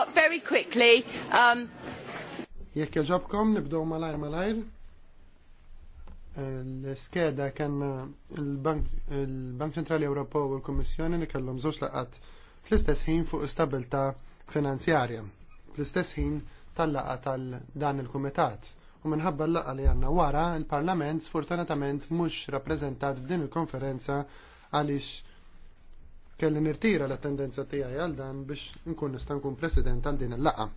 start very quickly. Um, Jekk jaġobkom nibdow malajr malajr. L-skeda kien il-Bank Centrali Ewropew u l-Kummissjoni li kellhom żewġ laqat fl-istess ħin fuq istabilità finanzjarja. Fl-istess ħin tal-laqa tal-dan il-Kumitat. U minħabba l-laqa li għanna wara, il-Parlament sfortunatament mhux rappreżentat f'din il-konferenza għaliex kelli nirtira l-attendenza tiegħi għal dan biex nkun nista' nkun president għal din il laqgħa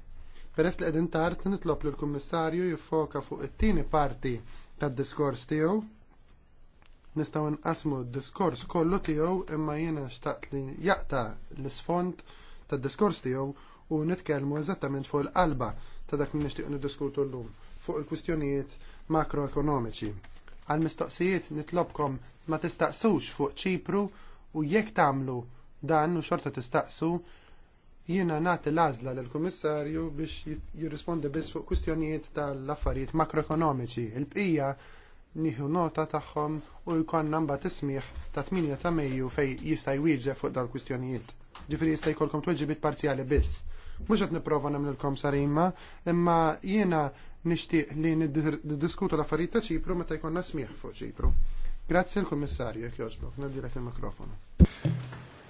Peress li qegħdin tard nitlob lill kummissarju jiffoka fuq it-tieni parti tad-diskors tiegħu. Nistgħu nqasmu d-diskors kollu tiegħu imma jiena xtaqt li jaqta l-isfond tad-diskors tiegħu u nitkellmu eżattament fuq il-qalba ta' dak li nixtieq niddiskutu llum fuq il-kwistjonijiet makroekonomiċi. Għal mistoqsijiet nitlobkom ma tistaqsux fuq Ċipru u jekk tagħmlu dan u xorta tistaqsu jiena nagħti l-għażla lill kummissarju biex jirrispondi biss fuq kwistjonijiet tal-affarijiet makroekonomiċi. Il-bqija nieħu nota tagħhom u jkollna mbagħad ismih ta' 8 ta' Mejju fejn jista' jwieġeb fuq dawn kwistjonijiet. Ġifieri jista' jkollkom tweġibit parzjali biss. Mhux qed nipprova nagħmlilkom sarimma, imma jiena nixtieq li niddiskutu l-affarijiet ta' Ċipru meta jkollna smieħ fuq Ċipru. Grazzi l-Kummissarju, jekk jogħġbok, nadilek il-mikrofonu.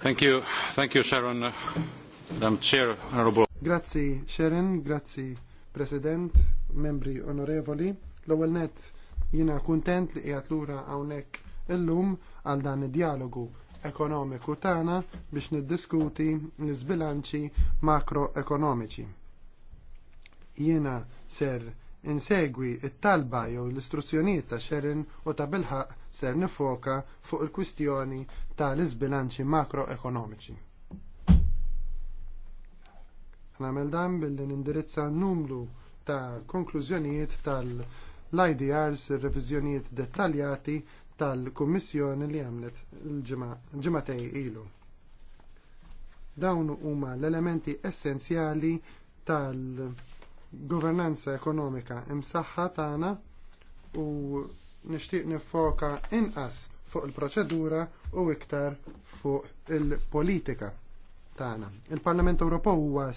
Thank you, thank you Sharon, uh, Madam Chair, Honorable. Grazzi Sharon, grazzi President, membri onorevoli. L-ewwel net jiena kuntent li qiegħed lura hawnhekk illum għal dan id-dialogu ekonomiku tagħna biex niddiskuti l-sbilanċi makroekonomiċi. Jiena ser insegwi t talba jew l-istruzzjonijiet ta' xerin u ta' bilħaq ser nifoka fuq il-kwistjoni tal iżbilanċi makroekonomiċi. Nagħmel dan billi nindirizza numru ta' konklużjonijiet tal-IDRs, ir-reviżjonijiet dettaljati tal-Kummissjoni li għamlet il-ġimatej ilu. Dawn huma l-elementi essenzjali tal- governanza ekonomika imsaħħa tagħna u nixtieq nifoka inqas fuq il-proċedura u iktar fuq il-politika tagħna. Il-Parlament Ewropew huwa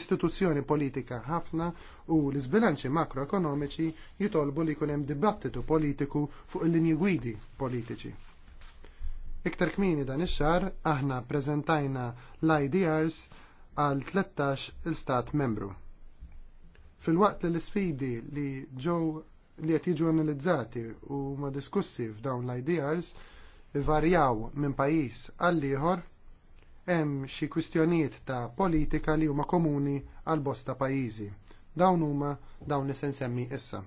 istituzzjoni politika ħafna u l-iżbilanċi makroekonomiċi jitolbu li jkun hemm dibattitu politiku fuq il-linji gwidi politiċi. Iktar kmieni dan ix-xahar aħna preżentajna l-IDRs għal 13 il-stat membru. Fil-waqt li l isfidi li ġew li qed jiġu analizzati u ma diskussi f'dawn l-IDRs varjaw minn pajjiż għal ieħor hemm xi kwistjonijiet ta' politika li huma komuni għal bosta pajjiżi. Dawn huma dawn li se nsemmi issa.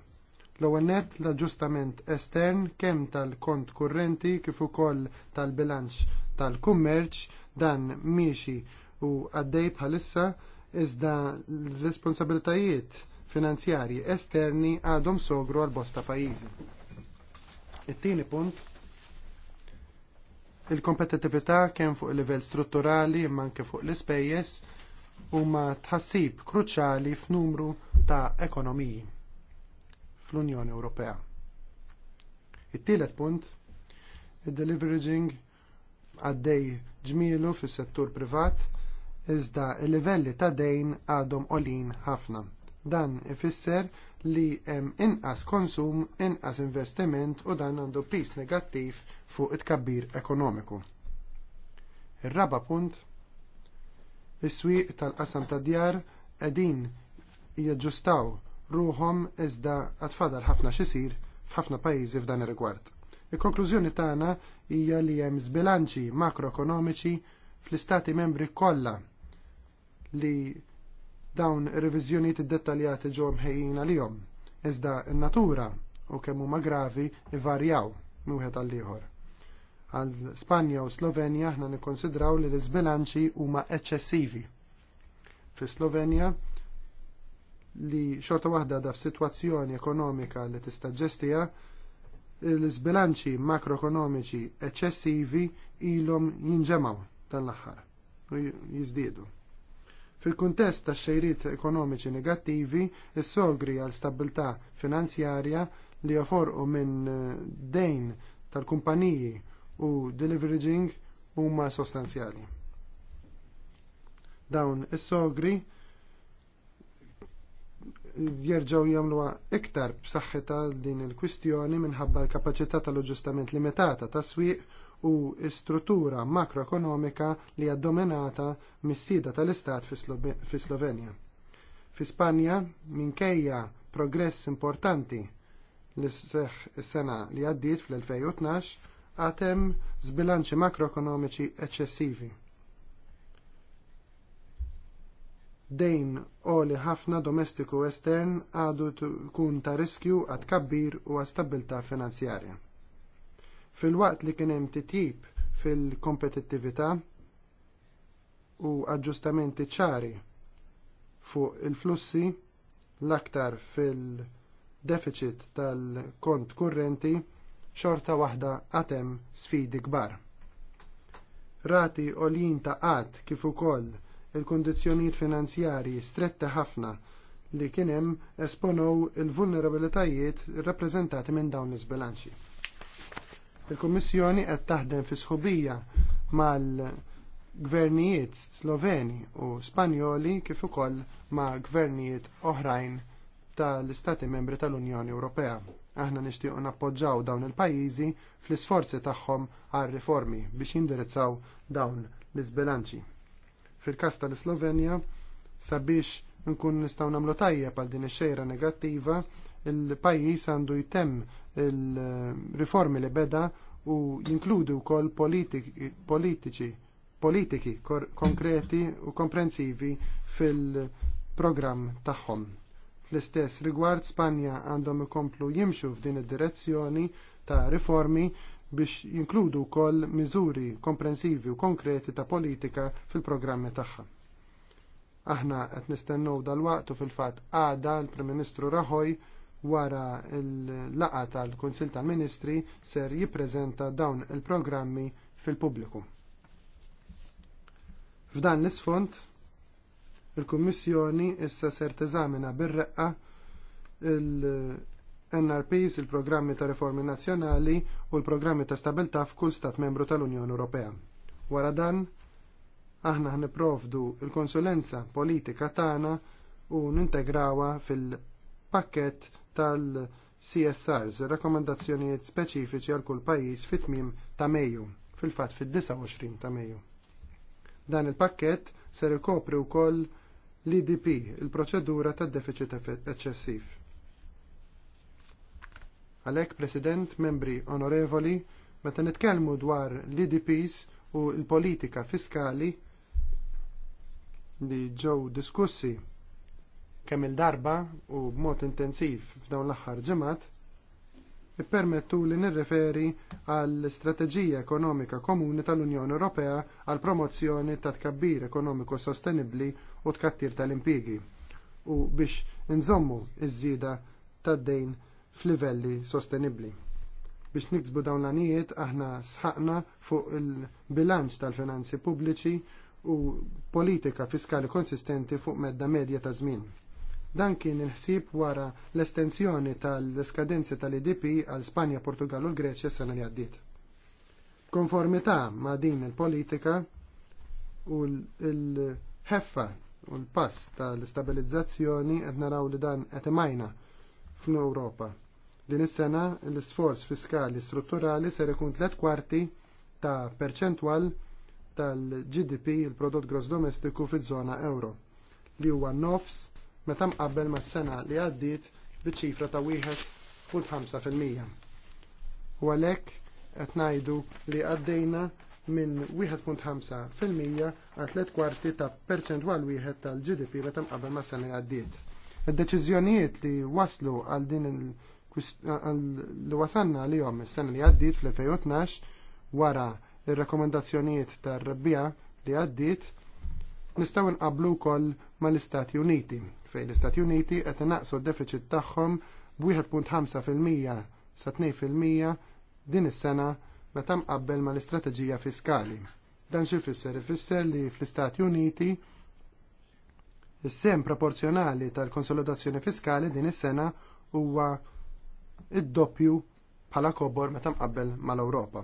L-ewwel nett l-aġġustament estern kemm tal-kont kurrenti kif ukoll tal-bilanċ tal-kummerċ dan miexi u għaddej bħalissa iżda l-responsabilitajiet finanzjarji esterni għadhom sogru għal bosta pajjiżi. It-tieni punt il-kompetittività kemm fuq il-livell strutturali imma anke fuq l-ispejjeż huma tħassib kruċjali f'numru ta' ekonomiji fl-Unjoni Ewropea. It-tielet punt id-deliveraging għaddej ġmielu fis settur privat iżda il-livelli ta' dejn għadhom għolin ħafna. Dan ifisser li hemm inqas konsum, inqas investiment u dan għandu pis negattiv fuq it-kabbir ekonomiku. Ir-raba punt is-swieq tal-qasam tad djar qegħdin jaġġustaw ruhom iżda għatfadal ħafna xisir f'ħafna pajjiżi f'dan ir-rigward. Il-konklużjoni tagħna hija li hemm żbilanċi makroekonomiċi fl-istati membri kollha li dawn revizjoniet id-dettaljati ħejjina li jom. Iżda n-natura u kemm huma gravi ivarjaw wieħed għal liħor. Għal Spanja u Slovenja aħna nikkonsidraw li l-iżbilanċi huma eċċessivi. Fi Slovenja li xorta waħda daf f'sitwazzjoni ekonomika li tista' ġestija, l-iżbilanċi makroekonomiċi eċċessivi ilhom jinġemaw dan l-aħħar u jiżdiedu. Fil-kuntest ta' xejrit ekonomiċi negattivi, is-sogri għal stabilta' finanzjarja li joforqu minn eh, dejn tal-kumpaniji u deliveraging huma sostanzjali. Dawn is-sogri jerġaw jamlu iktar b'saħħita din il-kwistjoni minħabba l-kapaċità tal-aġġustament limitata tas-swieq u struttura makroekonomika li hija dominata mis-sida tal-Istat fi Slovenja. Fi Spanja, minkejja progress importanti li seħ is-sena li għaddiet fl-2012, għatem zbilanċi makroekonomiċi eċċessivi. Dejn oli ħafna domestiku estern għadu tkun ta' riskju għad kabbir u għad finanzjarja. Fil-waqt li kien hemm titjib fil-kompetittività u aġġustamenti ċari fuq il-flussi l-aktar fil-deficit tal-kont kurrenti xorta waħda għatem sfidi kbar. Rati olin ta' għat kif ukoll il kundizzjonijiet finanzjarji stretta ħafna li kien hemm esponow il-vulnerabilitajiet rappreżentati minn dawn l-isbilanċi. Il-Kummissjoni qed taħdem fi sħubija mal-gvernijiet Sloveni u Spanjoli kif ukoll ma' gvernijiet oħrajn tal-Istati Membri tal-Unjoni Ewropea. Aħna nixtiequ nappoġġaw dawn il-pajjiżi fl-isforzi tagħhom għal riformi biex jindirizzaw dawn l-iżbilanċi. Fil-każ tal-Slovenja sabiex nkun nistgħu nagħmlu tajjeb għal din ix-xejra negattiva, il-pajjiż għandu jtemm il-riformi li beda u jinkludi wkoll politiċi politiki konkreti u komprensivi fil-programm tagħhom. Fl-istess rigward Spanja għandhom ikomplu jimxu f'din id-direzzjoni ta' riformi biex jinkludu wkoll miżuri komprensivi u konkreti ta' politika fil-programmi tagħha. Aħna qed nistennew dal-waqtu fil-fatt għada l-Prim Ministru Rajoy wara l-laqa tal-Kunsil tal-Ministri ser jippreżenta dawn il-programmi fil-pubbliku. F'dan l-isfond, il-Kummissjoni issa ser teżamina bir-reqqa il-NRPs, il-programmi ta' riformi nazzjonali u l-programmi ta' stabilità f'kull stat membru tal-Unjoni Ewropea. Wara dan, aħna ħniprovdu l konsulenza politika tagħna u nintegrawha fil-pakket tal-CSRs, rakkomandazzjonijiet speċifiċi għal kull pajjiż fit-tmiem ta' Mejju, fil-fatt fid-29 ta' Mejju. Dan il-pakket ser ikopri wkoll l-IDP, il-proċedura tad deficit eċċessiv. Għalhekk, President, membri onorevoli, meta nitkellmu dwar l-IDPs u l-politika fiskali li ġew diskussi kemm il-darba u b'mod intensiv f'dawn l-aħħar ġimgħat ippermettu li nirreferi għall strateġija ekonomika komuni tal-Unjoni Ewropea għall promozzjoni ta' tkabbir ekonomiku sostenibbli u tkattir tal-impjigi u biex inżommu iż-żieda tad-dejn f'livelli sostenibbli. Biex niksbu dawn l-anijiet aħna sħaqna fuq il-bilanċ tal-finanzi pubbliċi u politika fiskali konsistenti fuq medda medja ta' żmien. Dan kien il-ħsib wara l-estensjoni tal-skadenzi tal-IDP għal Spanja, Portugal u l-Greċja s-sena li għaddiet. Konformità ma' din il-politika u l-ħeffa u l-pass tal-stabilizzazzjoni qed naraw li dan qed imajna fl-Ewropa. Din is-sena l-isforz fiskali strutturali ser ikun tliet kwarti ta' perċentwal tal-GDP, il-prodott gross domestiku fiż-żona euro, li huwa nofs meta mqabbel mas-sena li għaddiet biċ-ċifra ta' 1.5%. U għalhekk qed ngħidu li għaddejna minn 1.5% għal tliet kwarti ta' perċentwal wieħed tal-GDP meta mqabbel mas sena li għaddiet. Id-deċiżjonijiet li waslu għal din li wasanna li jom is-sena li għaddiet fl-2012 wara ir-rekomendazzjonijiet tar-rebbija li għaddiet Nistgħu nqablu wkoll mal-Istati Uniti, fejn l-Istati Uniti qed naqsu d-deficit tagħhom b'1.5% sa 2% din is-sena meta mqabbel mal-istrateġija fiskali. Dan xi fisser ifisser li fl-Istati Uniti is-sem proporzjonali tal-konsolidazzjoni fiskali din is-sena huwa id-doppju bħala kobor meta mqabbel mal-Ewropa.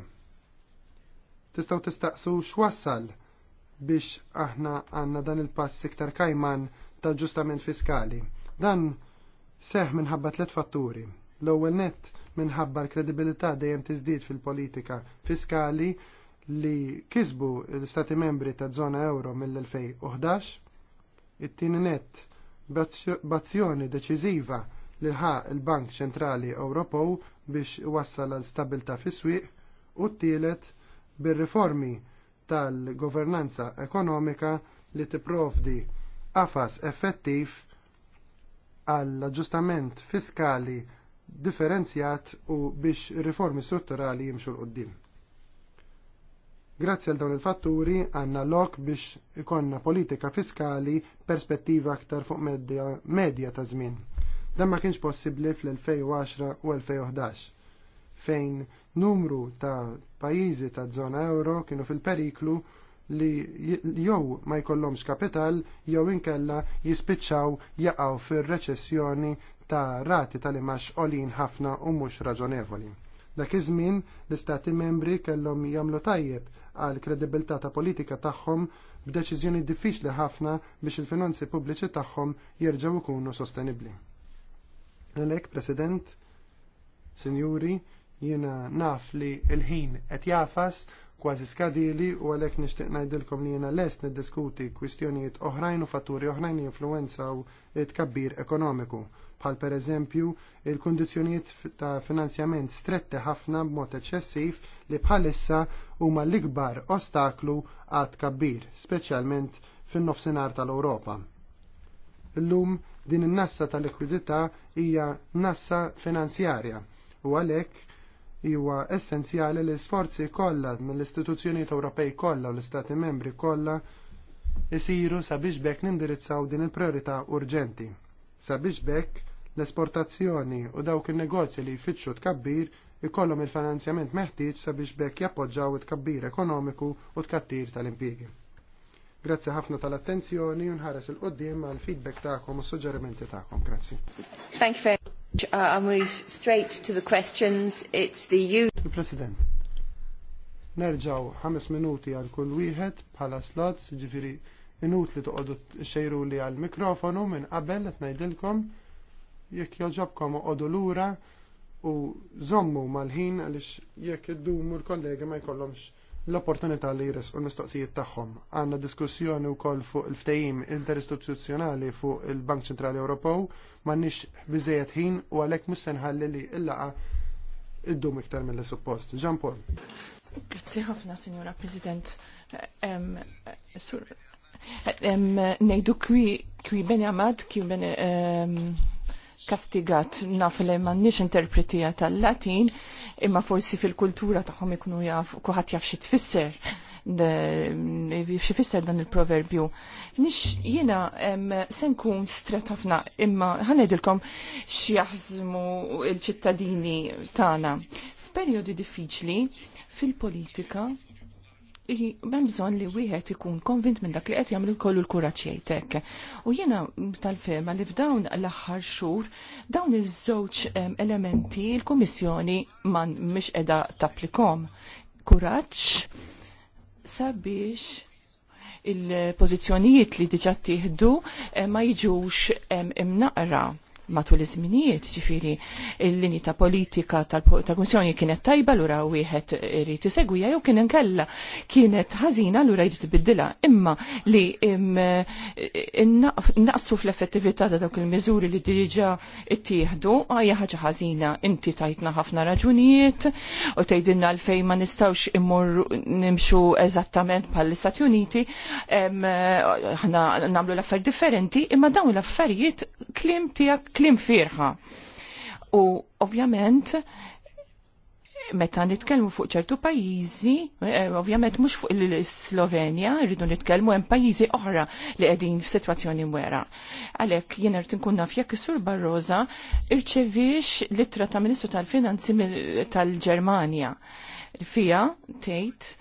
Tistgħu tistaqsu x'wassal biex aħna għandna dan il-pass iktar kajman ta' ġustament fiskali. Dan seħ minħabba tliet fatturi. L-ewwel nett minħabba l-kredibilità dejjem tiżdied fil-politika fiskali li kisbu l-Stati membri ta' zona euro mill-2011, it-tieni net bazzjoni deċiżiva li ħa l bank Ċentrali Ewropew biex wassal għal stabilta fis-swieq u t-tielet bir-riformi tal-governanza ekonomika li tipprovdi qafas effettiv għall-aġġustament fiskali differenzjat u biex riformi strutturali jimxu l-qoddim. Grazzi għal dawn il-fatturi għandna lok biex ikonna politika fiskali perspettiva aktar fuq medja, medja ta' żmien. Dan ma kienx possibbli fl-2010 u 2011 fejn Numru ta' pajjiżi ta' żona euro kienu fil-periklu li jew ma jkollhomx kapital jew inkella jispiċċaw jaqgħu fir-reċessjoni ta' rati tal-imax olin ħafna u mhux raġonevoli. Dak iż-żmien l-istati membri kellhom jagħmlu tajjeb għal kredibilità ta' politika tagħhom b'deċiżjoni diffiċli ħafna biex il-finanzi pubbliċi tagħhom jerġgħu jkunu sostenibbli. Għalhekk, President, Sinjuri, Jiena naf li il-ħin qed jafas kważi skadili u għalhekk nixtieq ngħidilkom li jiena lest niddiskuti kwistjonijiet oħrajn u fatturi oħrajn jinfluwenzaw it-kabbir ekonomiku bħal pereżempju il kundizzjonijiet ta' finanzjament stretti ħafna b'mod eċċessiv li bħalissa huma l-ikbar ostaklu għad kabbir, speċjalment fin-nofsinhar tal-Ewropa. Illum din in-nassa tal-likwidità hija nassa finanzjarja u għalhekk huwa essenzjali li sforzi kollha mill-istituzzjonijiet Ewropej kollha u l-Istati membri kollha isiru sabiex bekk nindirizzaw din il-priorità urġenti. Sabiex bekk l-esportazzjoni u dawk il-negozji li jfittxu tkabbir ikollhom il-finanzjament meħtieġ sabiex bekk jappoġġaw it-tkabbir ekonomiku u tkattir tal-impjiegi. Grazzi ħafna tal-attenzjoni u nħares il-qoddim għal feedback ta'kom u suġġerimenti tagħkom. Grazzi. Thank you. Uh, and Il-President, nerġaw ħames minuti għal kull wieħed bħala slots, ġifiri inutli toqgħodu xejru li għal mikrofonu minn qabel qed ngħidilkom jekk joġobkom oqogħdu lura u żommu mal-ħin għaliex jekk iddumu l kollegi ma jkollhomx l-opportunità li jresqu l-mistoqsijiet tagħhom. Għandna diskussjoni wkoll fuq il-ftehim interistituzzjonali fuq il-Bank Ċentrali Ewropew m'għandniex biżejjed ħin u għalhekk mhux se nħalli li l-laqa ddum iktar mill suppost. Jean Paul. Grazzi ħafna, Signora President. Sur, nejdu kwi bene amad, kwi bene kastigat naf li m'għandniex interpretija tal-Latin, imma forsi fil-kultura tagħhom ikunu jaf kuħat jaf xie tfisser xi dan il-proverbju. Nix jiena se nkun stret ħafna imma ħanejdilkom xi jaħżmu l-ċittadini tagħna. F'perjodi diffiċli fil-politika ben bżonn li wieħed ikun konvint minn dak li qed jagħmel kollu l-kuraġġ jgħidlek. U jiena tal-fema li f'dawn l-aħħar xhur dawn iż-żewġ ehm, elementi l-Kummissjoni ma mhix qiegħda tapplikom. Kuraġġ sabiex il-pożizzjonijiet li diġà tieħdu eh, ma jiġux ehm, imnaqra. Im matul iż-żminijiet, ġifieri l-linji ta' politika tal komissjoni kienet tajba lura wieħed irid isegwija jew kien inkella kienet ħażina lura jrid tbiddilha. Imma li naqsu fl-effettività ta' dawk il-miżuri li diġà ittieħdu ah, hija ħaġa ħażina. Inti tajtna ħafna raġunijiet u tgħidilna fej ma nistgħux immorru nimxu eżattament bħall-Istati Uniti ħna nagħmlu l-affarijiet differenti imma dawn l-affarijiet klim tiegħek klim firħa. U ovvjament meta nitkellmu fuq ċertu pajjiżi, eh, ovvjament mhux fuq il-Slovenja, rridu nitkellmu hemm pajjiżi oħra li qegħdin f'sitwazzjoni mwera. Għalhekk jien qed inkun naf jekk is-Sur Barroża irċevix litra ta' Ministru tal-Finanzi tal-Ġermanja fija tgħid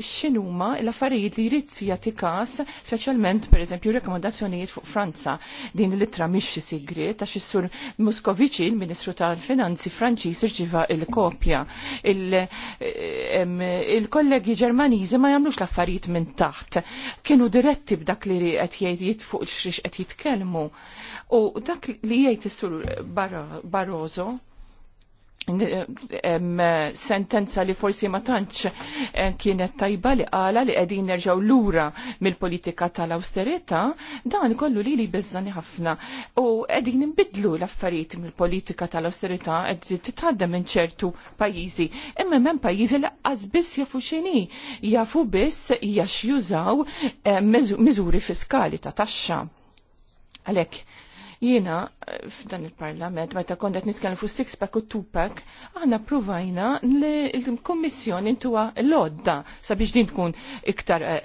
x'inhuma l-affarijiet li jrid jagħti każ, speċjalment pereżempju rekomandazzjonijiet fuq Franza. Din l-ittra mhix sigriet għax is-sur Muskovici, il-Ministru tal-Finanzi Franċiż irċiva il-kopja. Il-kollegi Ġermaniżi ma jagħmlux l-affarijiet minn taħt. Kienu diretti b'dak li qed jgħid fuq qed jitkellmu. U dak li jgħid is-sur Barroso, sentenza li forsi ma tantx eh, kienet tajba li qala li qegħdin nerġgħu lura mill-politika tal-awsterità, dan kollu li li bizzani ħafna. U qegħdin nbidlu l-affarijiet mill-politika tal-awsterità qed titgħadda minn ċertu pajjiżi. Imma hemm pajjiżi li biss jafu x'inhi, jafu biss jax jużaw eh, miżuri fiskali ta' taxxa. Għalhekk Jiena eh, f'dan il-Parlament meta kont qed nitkellem fuq six pack u two pack, aħna pruvajna li l-Kummissjoni intuha l-odda sabiex din tkun iktar eh,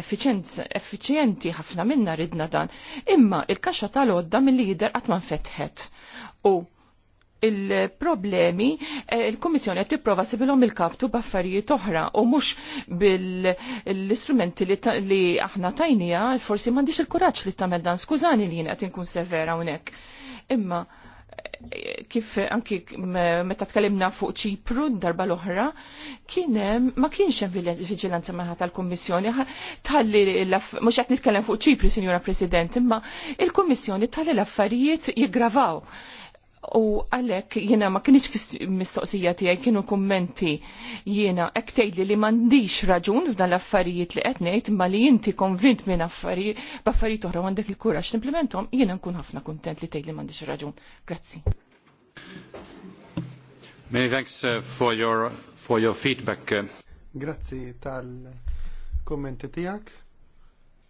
effiċjenti ħafna minna ridna dan. Imma il-kaxxa tal-odda mill-lider qatt ma nfetħet. U il-problemi eh, il-Komissjoni qed tipprova sibilhom il-kaptu b'affarijiet oħra u mhux bil-istrumenti li aħna tajnija forsi m'għandix il-kuraġġ li tagħmel dan skużani li jien qed inkun severa hawnhekk. Imma eh, kif anki meta tkellimna fuq ċipru darba l-oħra, kien ma kienx hemm viġilanza maħa tal-Kummissjoni talli mhux qed nitkellem fuq ċipru, Sinjura President, imma il-Kummissjoni tħalli l-affarijiet jiggravaw. U għalek jiena ma kienieċ mistoqsija tiegħi kienu kummenti jiena hekk tgħidli li m'għandix raġun f'dan l-affarijiet li qed ngħid ma li inti konvint minn affarijiet b'affarijiet oħra għandek il-kuraġġ timplementhom jiena nkun ħafna kuntent li tgħidli m'għandix raġun. Grazzi. Many thanks uh, for your for your feedback. Uh. Grazzi tal-kommenti tiegħek.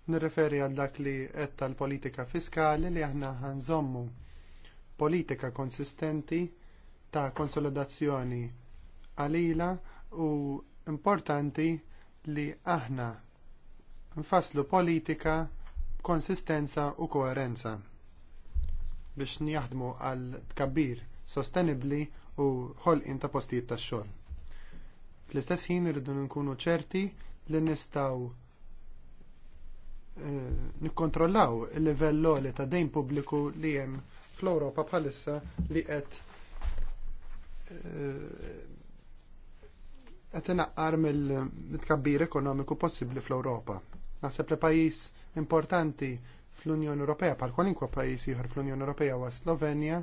Nirreferi għal dak li qed l politika fiskali li aħna ħanżommu politika konsistenti ta' konsolidazzjoni għalila u importanti li aħna nfasslu politika konsistenza u koerenza biex njaħdmu għal tkabbir sostenibbli u ħolqien ta' postijiet tax xogħol. Fl-istess ħin irridu nkunu ċerti li nistgħu eh, nikkontrollaw il-livell li ta' dejn pubbliku li hemm fl-Ewropa bħalissa li qed eh, qed inaqqar mill-tkabbir ekonomiku possibbli fl-Ewropa. Naħseb li pajjiż importanti fl-Unjoni Ewropea bħal kwalinkwa pajjiż ieħor fl-Unjoni Ewropea huwa Slovenja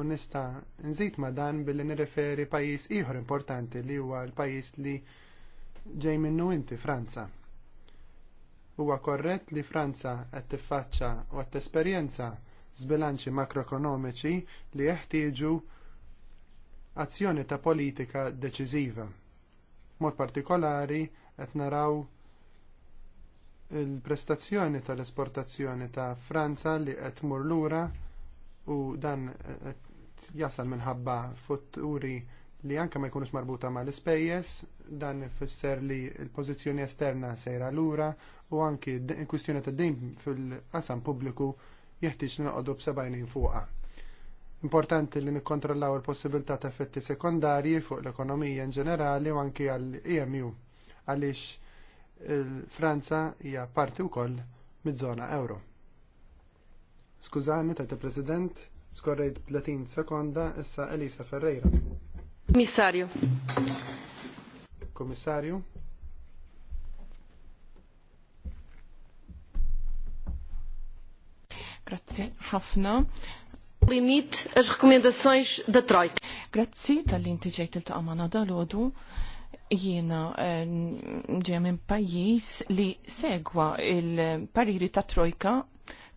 u nista' nżid ma' dan billi nirreferi pajjiż ieħor importanti li huwa l-pajjiż li ġej minnu inti Franza. Huwa korrett li Franza qed tiffaċċja u qed tesperjenza zbilanċi makroekonomiċi li jeħtieġu azzjoni ta' politika deċiżiva. Mod partikolari qed naraw il-prestazzjoni tal-esportazzjoni ta' Franza li qed tmur lura u dan qed jasal minħabba futturi li anke ma jkunux marbuta mal ispejjeż dan ifisser li l-pożizzjoni esterna sejra lura u anki kwistjoni ta' dejn fil-qasam pubbliku jeħtieġ noqogħdu b'sebgħinin fuqha. Importanti li nikkontrollaw il-possibilità ta' effetti sekondarji fuq l-ekonomija in ġenerali u anki għall-EMU għaliex il-Franza hija parti wkoll miż-żona euro. Skużani, tajta President, skorrejt 30 sekonda, issa Elisa Ferreira. Kommissarju. Kommissarju. Grazzi ħafna. Limit rekomendazzjonijiet da trojk. Grazzi tal-inti ġejt il taqamana dal-għodu jiena eh, ġeja minn pajjiż li segwa il-pariri ta' trojka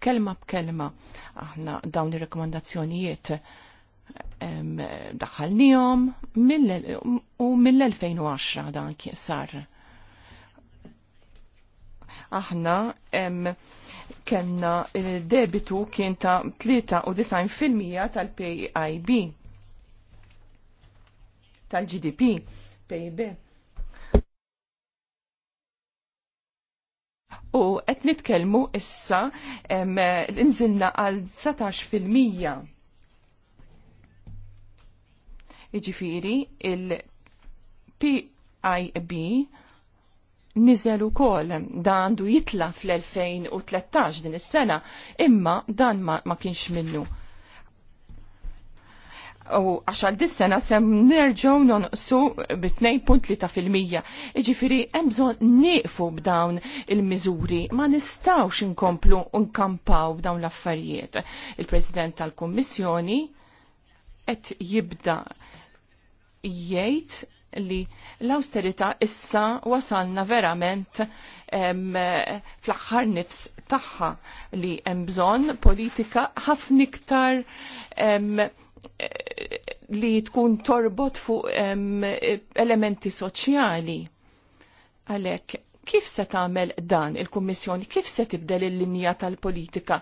kelma b'kelma. Aħna dawn ir-rekomandazzjonijiet daħħalnihom u mill-2010 dan sar aħna kenna il-debitu kien ta' 93% tal-PIB tal-GDP PIB. U qed nitkellmu issa inżilna għal 17%. Iġifiri il-PIB nizel ukoll da għandu jitla fl-2013 din is-sena, imma dan ma, ma kienx minnu. U għaxal dis-sena sem nerġaw nonqsu b-2.3%. Iġifiri, emżon nieqfu b'dawn il-miżuri, ma nistawx inkomplu unkampaw b'dawn l-affarijiet. Il-President tal-Kommissjoni qed jibda jgħid li l-austerita issa wasalna verament fl-axħar nifs taħħa li hemm bżonn politika ħafna iktar li tkun torbot fuq elementi soċjali. Għalek, kif se tagħmel dan il-Kummissjoni, kif se tibdel il-linja tal-politika?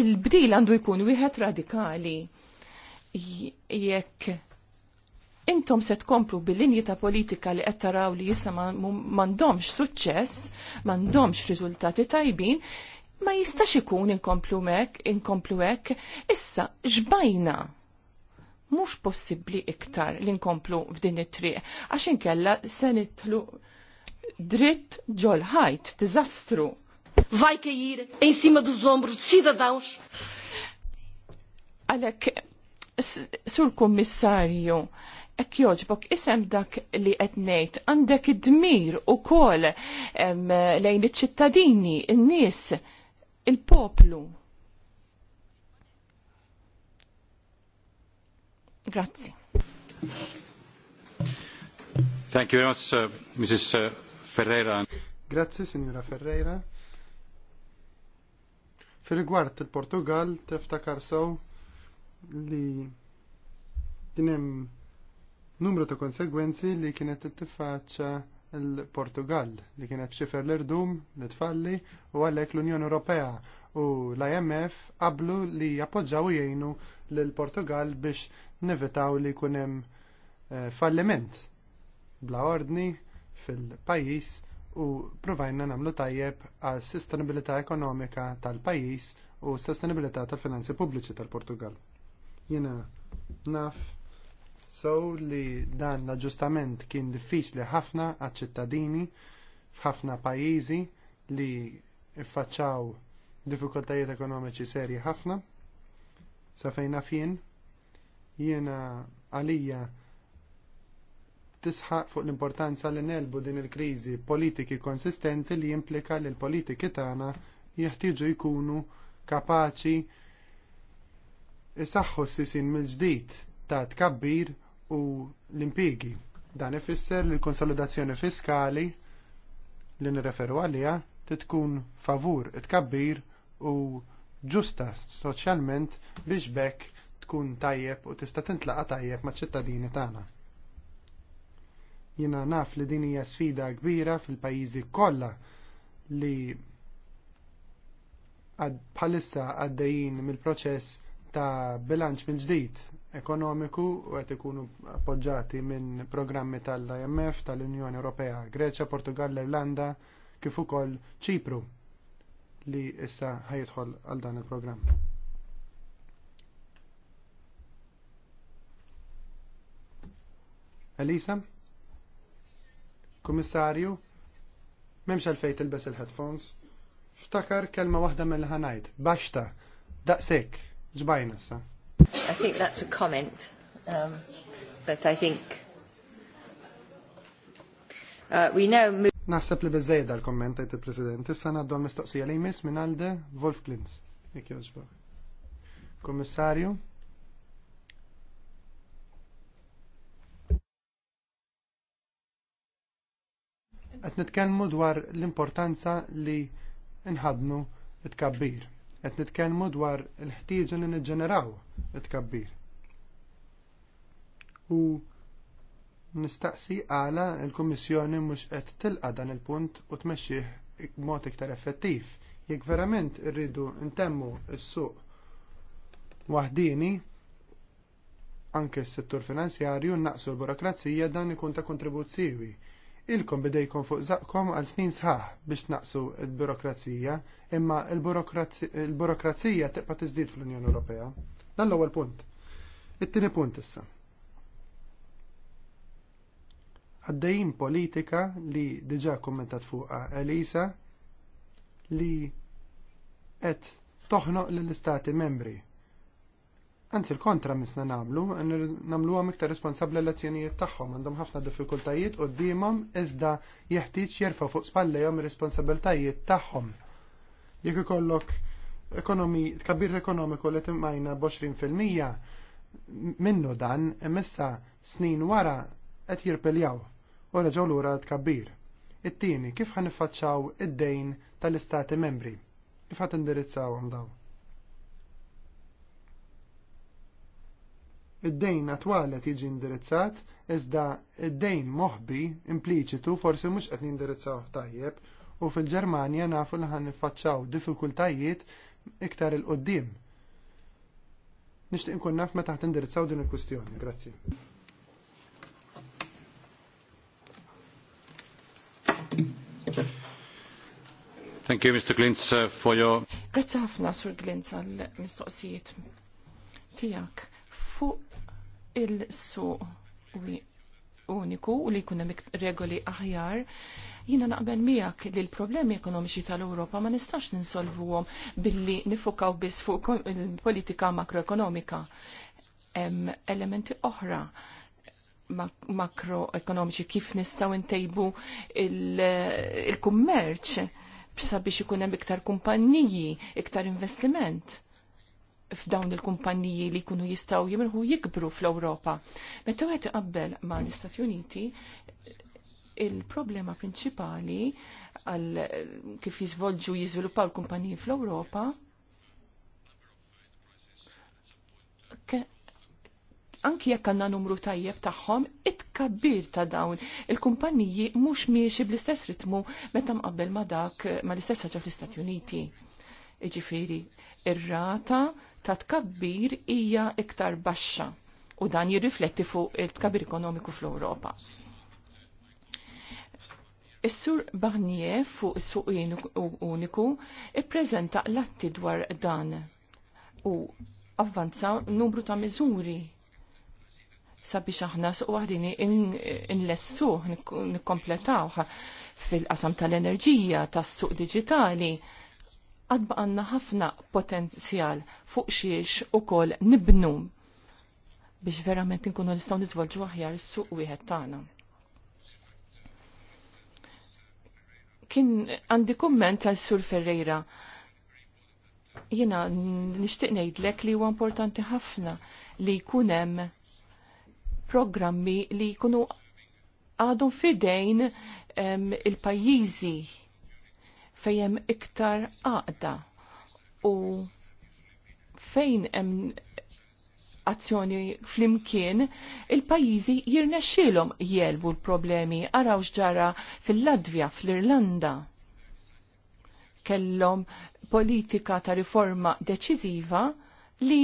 Il-bdil għandu jkun wieħed radikali jekk intom se tkomplu bil-linji ta' politika li qed taraw li issa m'għandhomx suċċess, m'għandhomx riżultati tajbin, ma jistax ikun inkomplu mek, inkomplu hekk, issa ġbajna. Mhux possibbli iktar li nkomplu f'din it-triq, għax inkella se nitlu dritt ġolħajt, diżastru. Vaj kejjir, insima cima zombru, sida dawx. Għalek, sur kommissarju, ek joġbok isem dak li etnejt għandek id-dmir u kol lejn iċ-ċittadini, il-nis, il-poplu. Grazzi. Thank you very much, uh, Mrs. Ferreira. Grazzi, signora Ferreira. Fil-rigward il-Portugal, teftakar so li dinem numru ta' konsegwenzi li kienet tiffaċċa l-Portugal li kienet xifer l-irdum li tfalli u għalhekk l-Unjoni Ewropea u l-IMF qablu li jappoġġaw jgħinu l-Portugal biex nevitaw li jkun hemm eh, falliment bla ordni fil-pajis u provajna nagħmlu tajjeb għal sistenibilità ekonomika tal pajjiż u s sostenibilità tal-finanzi pubbliċi tal-Portugal. Jiena naf So li dan l-aġġustament kien diffiċli ħafna għaċ-ċittadini f'ħafna pajjiżi li iffaċċaw diffikultajiet ekonomiċi serji ħafna. Sa fejn jien jiena għalija tisħaq fuq l-importanza li nelbu din il-kriżi politiki konsistenti li jimplika li l-politiki tagħna jeħtieġu jkunu kapaċi isaħħu s-sisin mill-ġdid ta' tkabbir u l impjiegi Dan ifisser li l-konsolidazzjoni fiskali li nirreferu għalija titkun favur tkabbir u ġusta soċjalment biex bekk tkun tajjeb u tista' tintlaqa tajjeb maċ ċittadini tagħna. Jiena naf li din hija sfida kbira fil-pajjiżi kollha li bħalissa għaddejjin mill-proċess ta' bilanċ mill-ġdid ekonomiku u qed ikunu appoġġjati minn programmi tal-IMF, tal-Unjoni Ewropea, Greċja, Portugal, irlanda kif ukoll Ċipru li issa ħajidħol għal dan il-programm. Elisa? Komissarju? Memx il-bess il-headphones? Ftakar kelma waħda mill-ħanajt, baxta, daqsek, ġbajna sa' I think that's a comment, um, but I think uh, we now move... Naħseb li bizzejda l-komment għajt il-President. Issa għaddu għal-mistoqsija li jmiss minn għalde Wolf Klins. Jek joġba. Kommissarju? Għet nitkelmu dwar l-importanza li nħadnu it-kabbir. Għet nitkelmu dwar l ħtijġu li nġeneraw it-kabbir. U nistaqsi għala l-Kummissjoni mhux qed tilqa dan il-punt u tmexxih b'mod iktar effettiv. Jekk verament irridu ntemmu s-suq waħdini anke s-settur finanzjarju naqsu l-burokrazija dan ikun ta' kontribuzzjoni ilkom bidejkom fuq zaqkom għal snin sħaħ biex naqsu l-burokrazija, imma l-burokrazija tibqa' tiżdied fl-Unjoni Ewropea. Dan l-ewwel punt. It-tieni punt issa. Għaddejjin politika li diġa' kommentat fuqha Elisa li qed toħnoq lill-istati membri Anzi, l-kontra misna namlu, namlu għam iktar responsabli l-azzjonijiet tagħhom għandhom ħafna diffikultajiet u d-dimom iżda jeħtieġ jerfa' fuq spallejhom ir-responsabiltajiet tagħhom. Jekk ikollok ekonomi, tkabbir ekonomiku li timmajna b-20% minnu dan imissa snin wara qed jirpiljaw u reġgħu lura tkabbir. It-tieni kif ħanifaċċaw id-dejn tal-istati membri? Kif ħat indirizzawhom dawn? id-dejn attwali jiġi indirizzat, iżda id-dejn moħbi impliċitu forsi mhux qed nindirizzaw tajjeb u fil-Ġermanja nafu li ħan niffaċċaw diffikultajiet iktar il-qoddim. Nixtieq inkun naf meta tindirizzaw indirizzaw din il-kwistjoni. Grazzi. Thank you, Mr. Glintz, uh, for your... Grazie ħafna, Sur Glintz, għal-mistoqsijiet tijak fuq il-suq uniku u li jkun hemm regoli aħjar, jiena naqbel miegħek li l-problemi ekonomiċi tal europa ma nistax ninsolvuhom billi nifukaw biss fuq politika makroekonomika. Hemm elementi oħra makroekonomiċi kif nistgħu ntejbu il-kummerċ il sabiex ikun hemm iktar kumpanniji, iktar investiment f'dawn il-kumpanniji li jkunu jistgħu jimilħu jikbru fl-Ewropa. Meta wieħed qabbel ma' l-Istati Uniti, il-problema prinċipali għal kif jiżvolġu jizviluppaw l kumpanniji fl-Ewropa anki jekk għandna numru tajjeb tagħhom, it-kabbir ta' dawn il kumpanniji mhux miexi bl-istess ritmu meta mqabbel ma' dak ma' l-istess ħaġa fl-Istati Uniti. Iġifieri, ir-rata ta' tkabbir hija iktar baxxa u dan jirrifletti fuq il-tkabbir ekonomiku fl-Ewropa. Is-sur Barnier fuq is-suq uniku ippreżenta l-atti dwar dan u avvanza numru ta' miżuri sabiex aħna suq waħdini inlessuh, nikkompletaw fil-qasam tal-enerġija, tas-suq digitali, għadba għanna ħafna potenzjal fuq xiex u kol nibnu biex verament nkunu nistaw nizvolġu aħjar s-suq wieħed tagħna. Kien għandi kumment għal Sur Ferreira. Jiena nixtieq ngħidlek li huwa importanti ħafna li jkun hemm programmi li jkunu għadhom fidejn il-pajjiżi fejjem iktar għaqda u fejn hemm azzjoni flimkien il-pajjiżi jirnexxielhom jelbu l-problemi araw ġara fil-Latvja fl-Irlanda. Kellhom politika ta' riforma deċiżiva li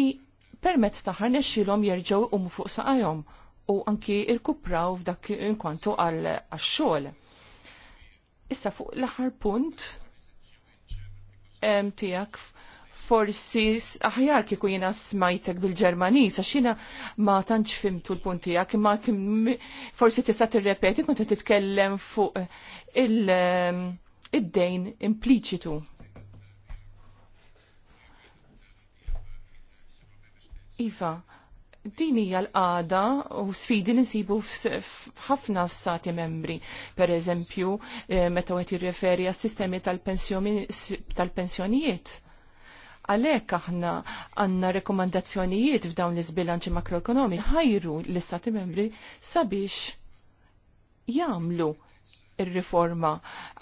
permezz ta' nexxilhom jerġgħu jqumu fuq saqajhom u anki irkupraw f'dak inkwantu għal xogħol. Issa fuq l-aħħar punt tijak forsi aħjar kiku jina smajtek bil ġermani sa xina ma tanċ fimtu l punti ma kim forsi tista' tirrepeti kont titkellem fuq eh, il-dejn impliċitu. Iva, din hija l-qada u sfidi nsibu f'ħafna stati membri. Per eżempju, eh, meta wieħed jirreferi għas-sistemi tal-pensjonijiet. Għalhekk aħna għandna rekomandazzjonijiet f'dawn l-isbilanċi makroekonomi ħajru l-istati membri sabiex jagħmlu il riforma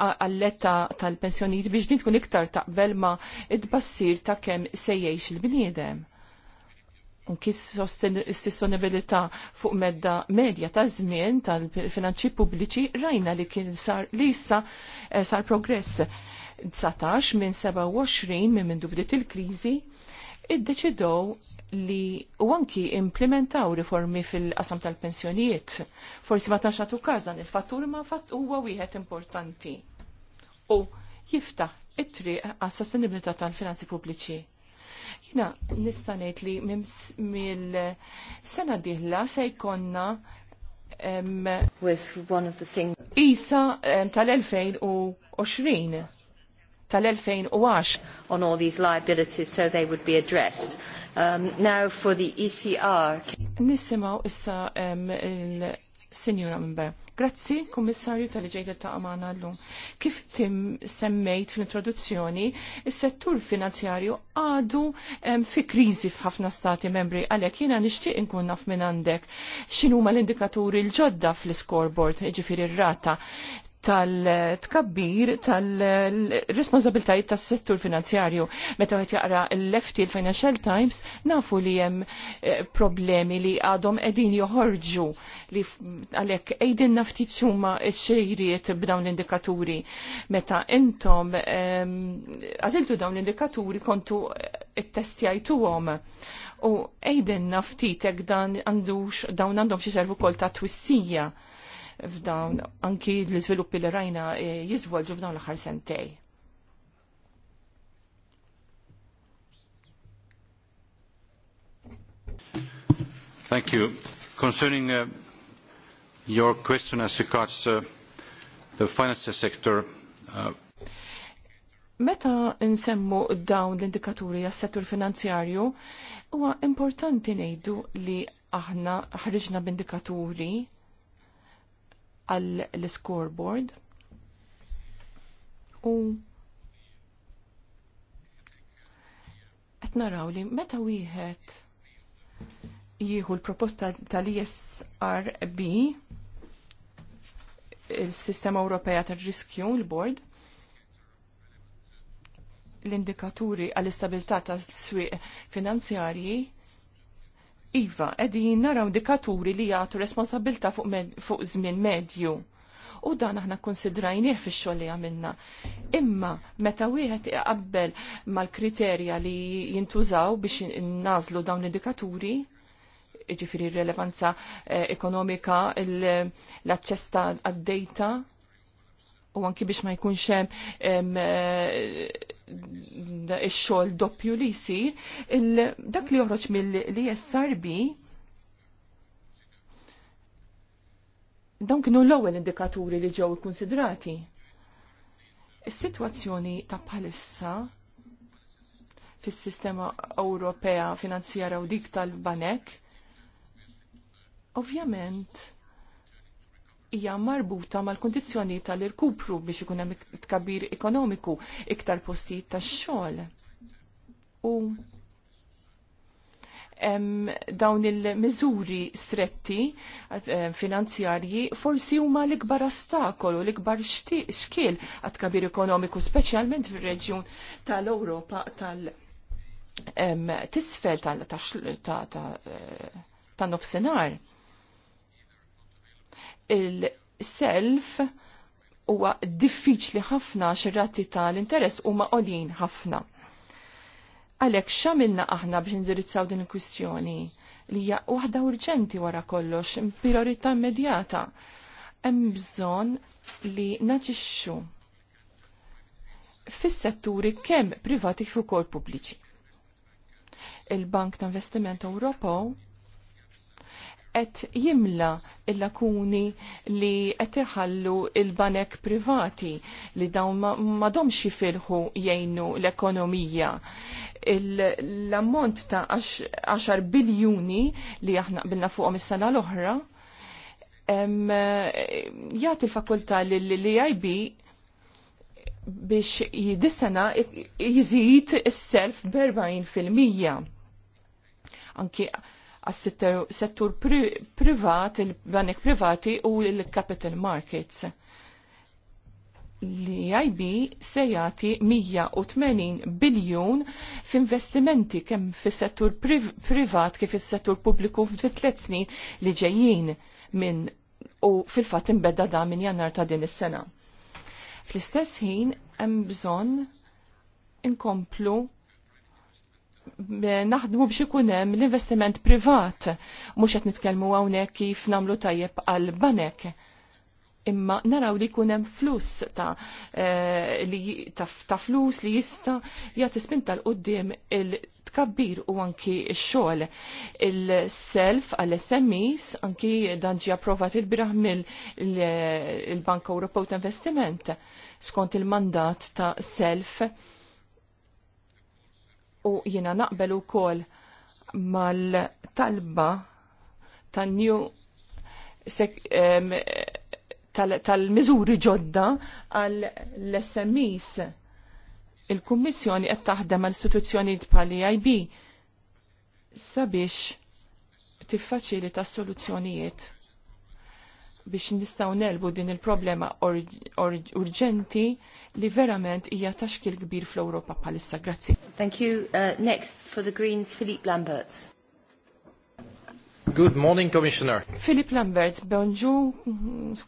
għall-letta tal-pensjonijiet biex din tkun iktar taqbel ma id-bassir ta' kemm sejjex il-bniedem anki s-sostenibilità fuq medda medja ta' żmien tal-finanċi pubbliċi rajna li kien sar li issa eh, sar progress 19 minn 27 minn minn dubdiet il-kriżi iddeċidow li u anki implementaw riformi fil-qasam tal-pensjonijiet. Forsi ma tantx nagħtu każ dan il-fattur ma fatt huwa wieħed importanti. U jiftaħ it-triq għas-sostenibilità tal-finanzi pubbliċi Jina nistanet li mill-sena diħla se jkollna was one of the things. Isa tal-2020 tal-2010 on all these liabilities so they would be addressed. Um, now for the ECR. Nisimaw issa um, Signora Mbe, grazzi kummissarju tal-ġejda ta' għamana l-lum. Kif tim semmejt fl-introduzzjoni, il-settur finanzjarju għadu fi krizi f'ħafna stati membri għalek jena nishtiq nkun naf minn għandek xinu ma l-indikaturi l-ġodda fl-scoreboard, ġifiri r-rata tal-tkabbir tal-responsabiltajiet tas-settur finanzjarju. Meta għet jaqra l-lefti l-Financial Times nafu li hemm eh, problemi li għadhom qegħdin joħorġu li għalhekk qegħdin nafti huma x-xejriet b'dawn l-indikaturi. Meta intom ehm, għażiltu dawn l-indikaturi kontu eh, it għom. U qegħdin nafti dan għandux dawn għandhom xi servu kol ta' twissija f'dawn anki l-iżviluppi li rajna eh, jiżvolġu f'dawn l-aħħar sentej. Thank you. Concerning uh, your question as regards uh, the finance sector, uh, Meta nsemmu dawn l-indikaturi għas settur finanzjarju, huwa importanti ngħidu li aħna ħriġna b'indikaturi għall-scoreboard. U naraw li meta wieħed jieħu l-proposta tal-ISRB il-Sistema Ewropea tar-Riskju l-Bord l-indikaturi għall-istabilità tas-swieq finanzjarji Iva, edi naraw dikaturi li jgħatu responsabilta fuq, me, fuq zmin medju. U dan aħna konsidrajnieh fi xogħol li għamilna. Imma meta wieħed iqabbel mal-kriterja li jintużaw biex nazlu dawn l-indikaturi, ġifiri rilevanza eh, ekonomika, l-aċċess għad-data, u anki biex ma jkunx hemm eh, ix-xogħol doppju li jsir, dak li joħroġ mill-ISRB dawn kienu l-ewwel indikaturi li ġew ikkunsidrati. Is-sitwazzjoni ta' bħalissa fis-sistema Ewropea finanzjara u dik tal-banek ovvjament hija marbuta mal-kondizzjoni tal-irkupru biex ikun hemm tkabbir ekonomiku, iktar postijiet tax-xogħol. U em, dawn il-miżuri stretti eh, finanzjarji forsi huma l-ikbar ostakolu, l-ikbar xkiel għat kabir ekonomiku, speċjalment fir-reġjun tal-Ewropa tal-tisfel tal-nofsinhar. Tal, tal, tal, tal, tal, tal, tal, tal, il-self huwa diffiċli ħafna xirrati tal-interess huma qolin ħafna. Għalhekk x'għamilna aħna biex indirizzaw din il-kwistjoni li hija waħda urġenti wara kollox, priorità immedjata. Hemm bżonn li naġixxu fis-setturi kemm privati kif ukoll pubbliċi. Il-Bank ta' Investiment Ewropew qed jimla il-lakuni li qed iħallu il-banek privati li dawn m'għadhomx jifilħu jgħinu l-ekonomija. L-ammont ta' 10 biljuni li aħna qbilna fuqhom is-sena l-oħra jagħti il fakultà li IB biex jidissena jizid is-self b'40 fil-mija. Anki għas-settur privat, il-banek privati u l-capital markets. Li IB se jagħti 180 biljun f'investimenti kemm fis-settur privat kif fis settur pubbliku fit tlet snin li ġejjin minn u fil-fatt imbedda da minn jannar ta' din is-sena. Fl-istess ħin hemm bżonn inkomplu naħdmu biex ikun hemm l-investiment privat. Mhux qed nitkellmu hawnhekk kif nagħmlu tajjeb għal banek. Imma naraw li jkun hemm flus ta' eh, li ta' flus li jista' jagħti spinta l qudiem il-tkabbir u anki x-xogħol. Il-self għall smis anki dan ġi approvat il-biraħ mill-Bank Ewropew ta' Investiment skont il-mandat ta' self u jiena naqbel ukoll mal-talba tan-new tal-miżuri ġodda għal l Il-Kummissjoni qed taħdem għal istituzzjonijiet bħal e IB sabiex tiffaċilita soluzzjonijiet biex nistaw nelbu din il-problema urġenti li verament hija taxkil kbir fl-Ewropa bħalissa. Grazzi. Thank you. Uh, next for the Greens, Philippe Lamberts. Good morning, Commissioner. Philip Lambert, bonġu,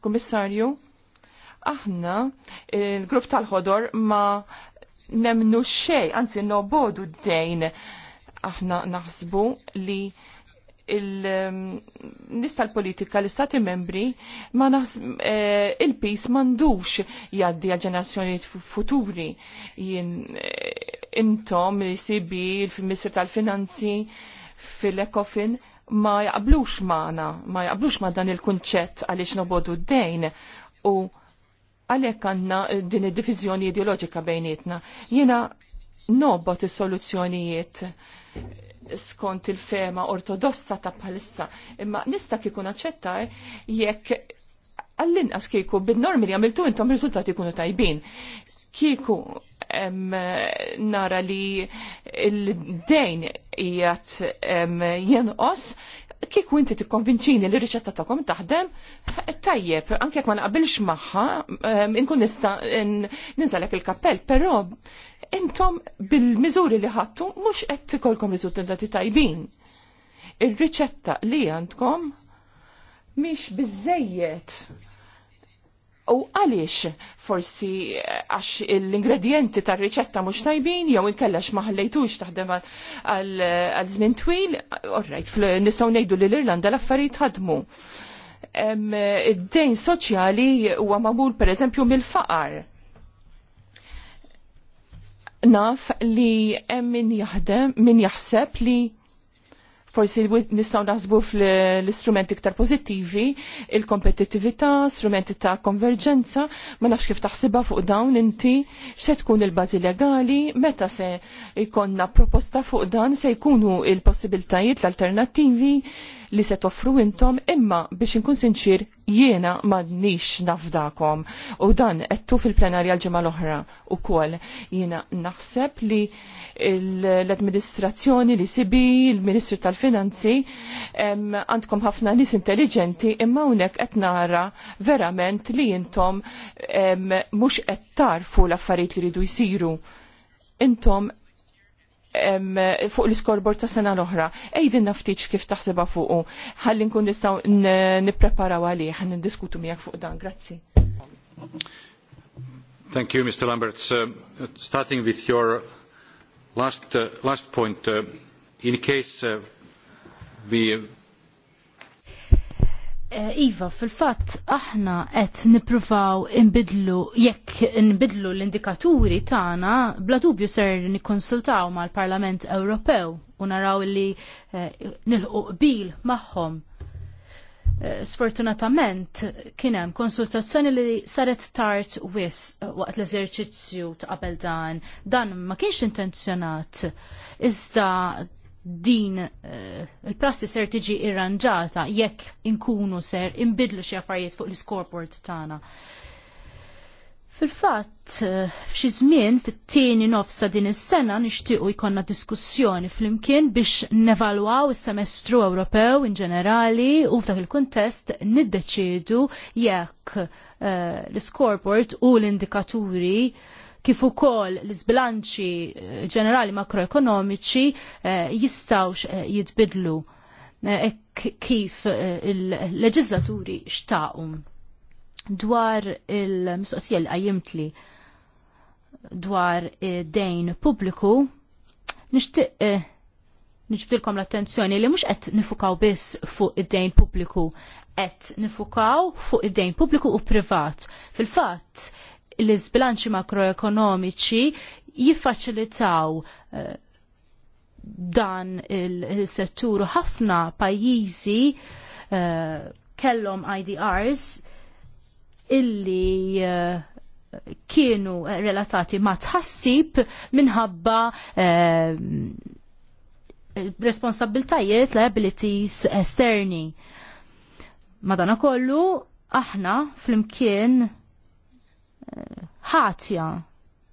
Commissario. Aħna, il-grupp tal-ħodor ma nemnu xej, anzi nobodu d-dejn. Aħna naħsbu li il-nista l-politika l-istati membri ma nafs eh, il-pis mandux jaddi għal-ġenerazzjoni futuri jien eh, intom l-ICB, il-Ministru tal-Finanzi fil-Ekofin ma jaqblux maħna, ma jaqblux ma dan il-kunċett għaliex nobodu d-dejn u għalek għanna eh, din id-divizjoni ideologika bejnietna. Jena nobot is-soluzzjonijiet skont il-fema ortodossa ta' bħalissa, imma nista' kikun aċċettaj jekk għall-inqas kieku bil-normi li għamiltu intom riżultati jkunu tajbin. Kieku nara li l-dejn jgħat jenqos, kieku inti tikkonvinċini li riċetta tagħkom taħdem, tajjeb, anke jekk ma naqbilx magħha, inkun nista' ninsalek il-kappell, però intom bil-miżuri li ħattu mhux qed tikolkom riżultati tajbin. Ir-riċetta li għandkom mhix bizzejiet. U għaliex forsi eh, għax l-ingredienti tar riċetta mhux tajbin jew inkellax ma taħdem għal żmien twil, orrejt, nistgħu ngħidu li l-Irlanda l-affarijiet ħadmu. Id-dejn soċjali huwa magħmul pereżempju mill-faqar. Naf li hemm min jaħdem, min jaħseb li forsi nistaw naħsbu fl-istrumenti iktar pozittivi, il kompetitività strumenti ta' konverġenza, ma nafx kif taħsibha fuq dawn inti, xe tkun il-bazi legali, meta se ikonna proposta fuq dan se jkunu il-possibiltajiet, l-alternativi li se toffru intom, imma biex inkun sinċir jiena nix nafdakom u dan ettu fil-plenarja l-ġimgħa l-oħra kol, jiena naħseb li l-administrazzjoni, li sibi, il-Ministru tal-Finanzi, għandkom ħafna nis intelligenti, imma unek qed nara verament li jintom mux qed tarfu l-affarijiet li ridu jisiru. Intom fuq l-iskorbor ta' sena l-oħra. Ejdin naftiċ kif taħseba fuqu. Ħalli nkun nistaw nipreparaw għalih, ħan diskutu miegħek fuq dan. Grazzi. Thank you, Mr. Lamberts. Uh, starting with your Last, uh, last point, uh, in case uh, we uh, eh, Iva, fil-fatt aħna qed nippruvaw inbidlu jekk nbidlu l-indikaturi tagħna bla dubju ser nikkonsultaw mal-Parlament Ewropew u naraw li eh, nilħu qbil magħhom sfortunatament kien hemm konsultazzjoni li saret tard wis uh, waqt l-eżerċizzju ta' qabel dan. Dan ma kienx intenzjonat. Iżda din uh, il-prassi ser tiġi irranġata jekk inkunu ser imbidlu xi affarijiet fuq l-scoreboard tagħna. Fil-fatt, f'xi żmien fit-tieni nofs ta' din is-sena nixtiequ jkollna diskussjoni flimkien biex nevalwaw is-semestru Ewropew in ġenerali u f'dak il-kuntest niddeċiedu jekk uh, l-scoreboard u l-indikaturi kif ukoll l-isbilanċi eh, ġenerali makroekonomiċi uh, eh, jistawx uh, jitbidlu kif il-leġislaturi xtaqum dwar il-mistoqsija li għajimtli dwar eh, dejn pubbliku, nishtiq eh, niġbdilkom l-attenzjoni li mhux qed nifukaw biss fuq id-dejn pubbliku, qed nifukaw fuq id-dejn pubbliku u privat. Fil-fatt, l-izbilanċi makroekonomiċi jiffaċilitaw eh, dan il-settur ħafna pajjiżi kellhom IDRs illi eh, kienu relatati ma' tħassib minħabba responsabiltajiet eh, responsabiltajiet, liabilities esterni. Madana kollu, aħna fl-imkien eh, ħatja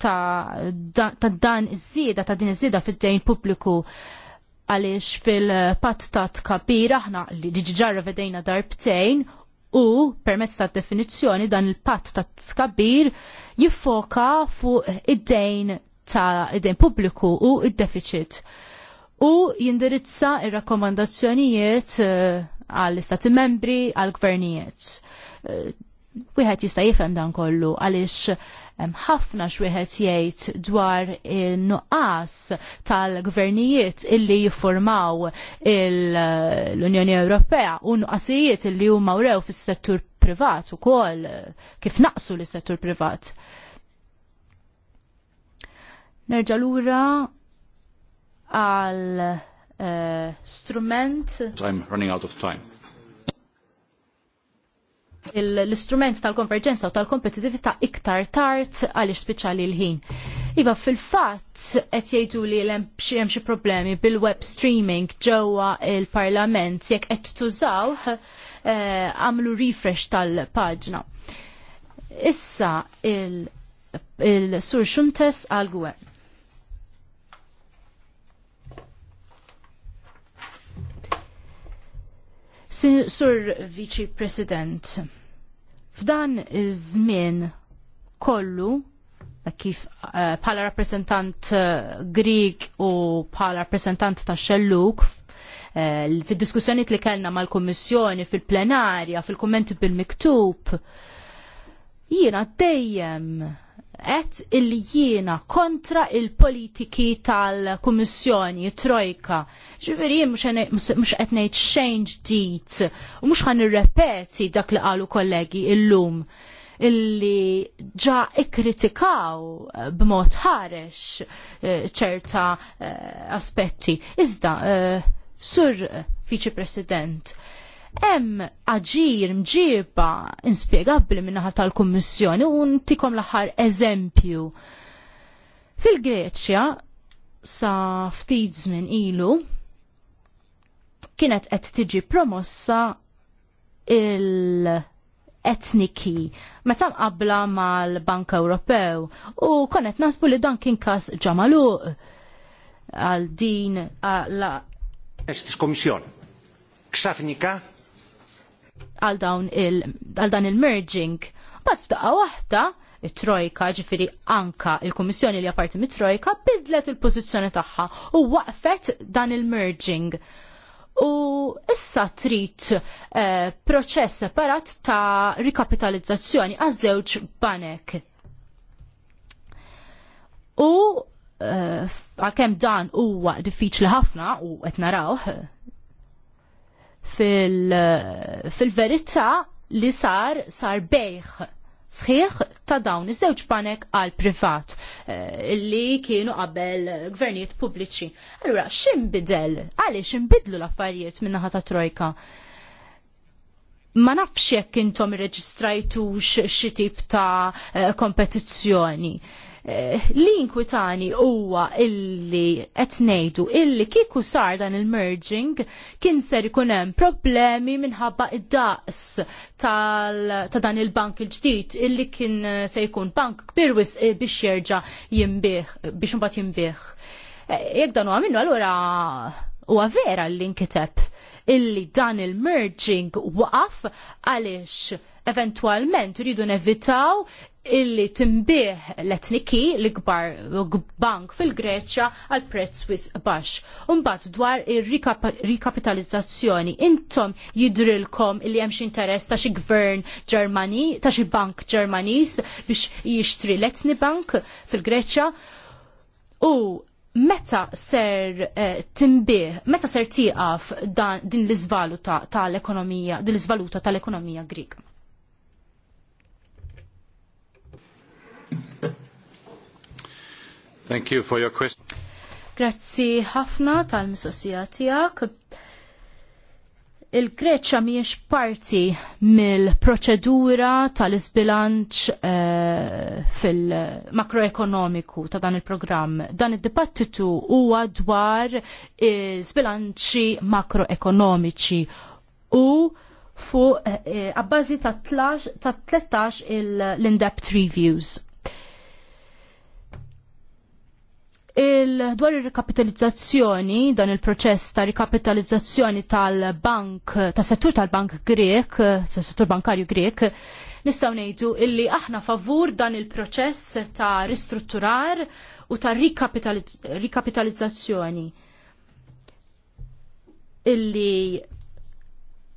ta' dan iż-żieda, ta' din iż-żieda fid-dejn pubbliku għaliex fil pattat ta' aħna li ġarra vedejna darbtejn u permezz ta' definizzjoni dan il-patt ta' tkabbir jiffoka fuq id-dejn ta' id-dejn pubbliku u id-deficit. U jindirizza il rakkomandazzjonijiet eh, għall-istati membri, għall-gvernijiet. Eh, wieħed jista' jifhem dan kollu għaliex ħafna xwieħed jgħid dwar il-nuqqas tal-gvernijiet illi jiffurmaw l-Unjoni Ewropea u nuqqasijiet illi huma wrew fis-settur privat ukoll kif naqsu l-settur privat. Nerġa' lura għal uh, strument. I'm running out of time l-istrument tal-konverġenza u tal-kompetitività iktar tard għaliex speċjali l-ħin. Iva fil-fatt qed jgħidu li hemm xi problemi bil-web streaming ġewwa il-Parlament jekk qed tużaw eh, għamlu refresh tal-paġna. Issa il-sur xuntes għal-gwen. Sur Vice President, f'dan iż-żmien kollu eh, kif eh, bħala rappresentant eh, Grieg u bħala rappresentant ta' Xelluk fid diskussjoniet li kellna mal-Kommissjoni fil-plenarja, fil-kommenti bil-miktub, jiena dejjem qed illi jiena kontra il-politiki tal-Kummissjoni, Trojka. Ġifieri mhux qed ngħid xejn deed u mhux ħan irrepeti dak li qalu kollegi illum illi ġa ikkritikaw b'mod ħarex eh, ċerta eh, aspetti. Iżda, eh, sur Viċi President, Hemm aġir mġiba inspjegabbli min-naħa tal-Kummissjoni u ntikom l-aħħar eżempju. Fil-Greċja sa ftit żmien ilu kienet qed tiġi promossa il-etniki meta mqabbla mal-Bank Ewropew u konet nasbu li dan kien kas ġamaluq għal din la. Estis Ksafnika għal dawn il għal dan il-merging. Bad f'daqqa waħda it-trojka, ġifiri anka il-Kummissjoni li apparti mit-trojka, bidlet il-pożizzjoni tagħha u waqfet dan il-merging. U issa trid eh, proċess separat ta' rikapitalizzazzjoni għaż-żewġ banek. U eh, għalkemm eh, dan huwa diffiċli ħafna u qed narawh fil-verità fil li sar sar bejħ sħiħ ta' dawn iż-żewġ panek għal privat eh, li kienu qabel gvernijiet pubbliċi. Allura, x'imbidel? Għaliex inbidlu l-affarijiet min-naħa ta' trojka? Ma nafx jekk intom irreġistrajtux xi tip ta' eh, kompetizzjoni. Uh, Eh, l inkwitani huwa illi qed ngħidu illi kieku sar dan il-merging kien ser ikun hemm problemi minħabba id-daqs ta' dan il-bank il-ġdid illi kien eh, se jkun bank kbir wis eh, biex jerġa' jinbih biex imbagħad jinbih. Jekk dan huwa minnu allura huwa vera l inkiteb illi dan il-merging waqaf għaliex eventualment rridu nevitaw illi timbieħ l-etniki l-gbar bank fil-Greċja għal prezz wis baxx. Umbat dwar ir-rikapitalizzazzjoni intom jidrilkom illi hemm xi interess ta' xi gvern Ġermani, ta' xi bank Ġermaniż biex jixtri l-etni bank fil-Greċja. U meta ser eh, timbieħ, meta ser tieqaf din l izvaluta tal-ekonomija, din l izvaluta tal-ekonomija Griega? Thank you for your question. Grazzi ħafna tal-mistoqsija tiegħek. Il-Greċa miex parti mill-proċedura tal-isbilanċ uh, eh, fil-makroekonomiku ta' dan il-programm. Dan id-dibattitu huwa dwar sbilanċi makroekonomiċi u fuq għabbażi eh, eh, uh, ta' 13 l-in-depth reviews. Il dwar il-rikapitalizzazzjoni, dan il-proċess ta' rikapitalizzazzjoni tal-bank, tas settur tal-bank grek, tas settur bankarju grek, nistaw nejdu illi aħna favur dan il-proċess ta' ristrutturar u ta' rikapitalizzazzjoni. Illi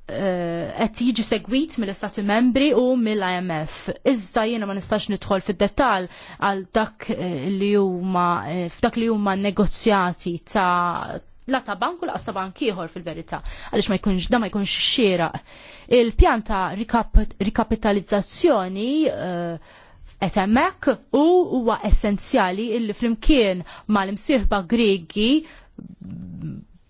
Eh, qed jiġi segwit mill-Istati Membri u mill-IMF. Iżda jiena ma nistax nidħol fid-dettall għal dak eh, li huma eh, f'dak li huma negozjati ta' la ta' bank u laqas bank ieħor fil-verità għaliex ma jkunx da ma jkunx xieraq. Il-pjan ta' rikapitalizzazzjoni qed hemmhekk u huwa essenzjali illi flimkien mal-imsieħba Griegi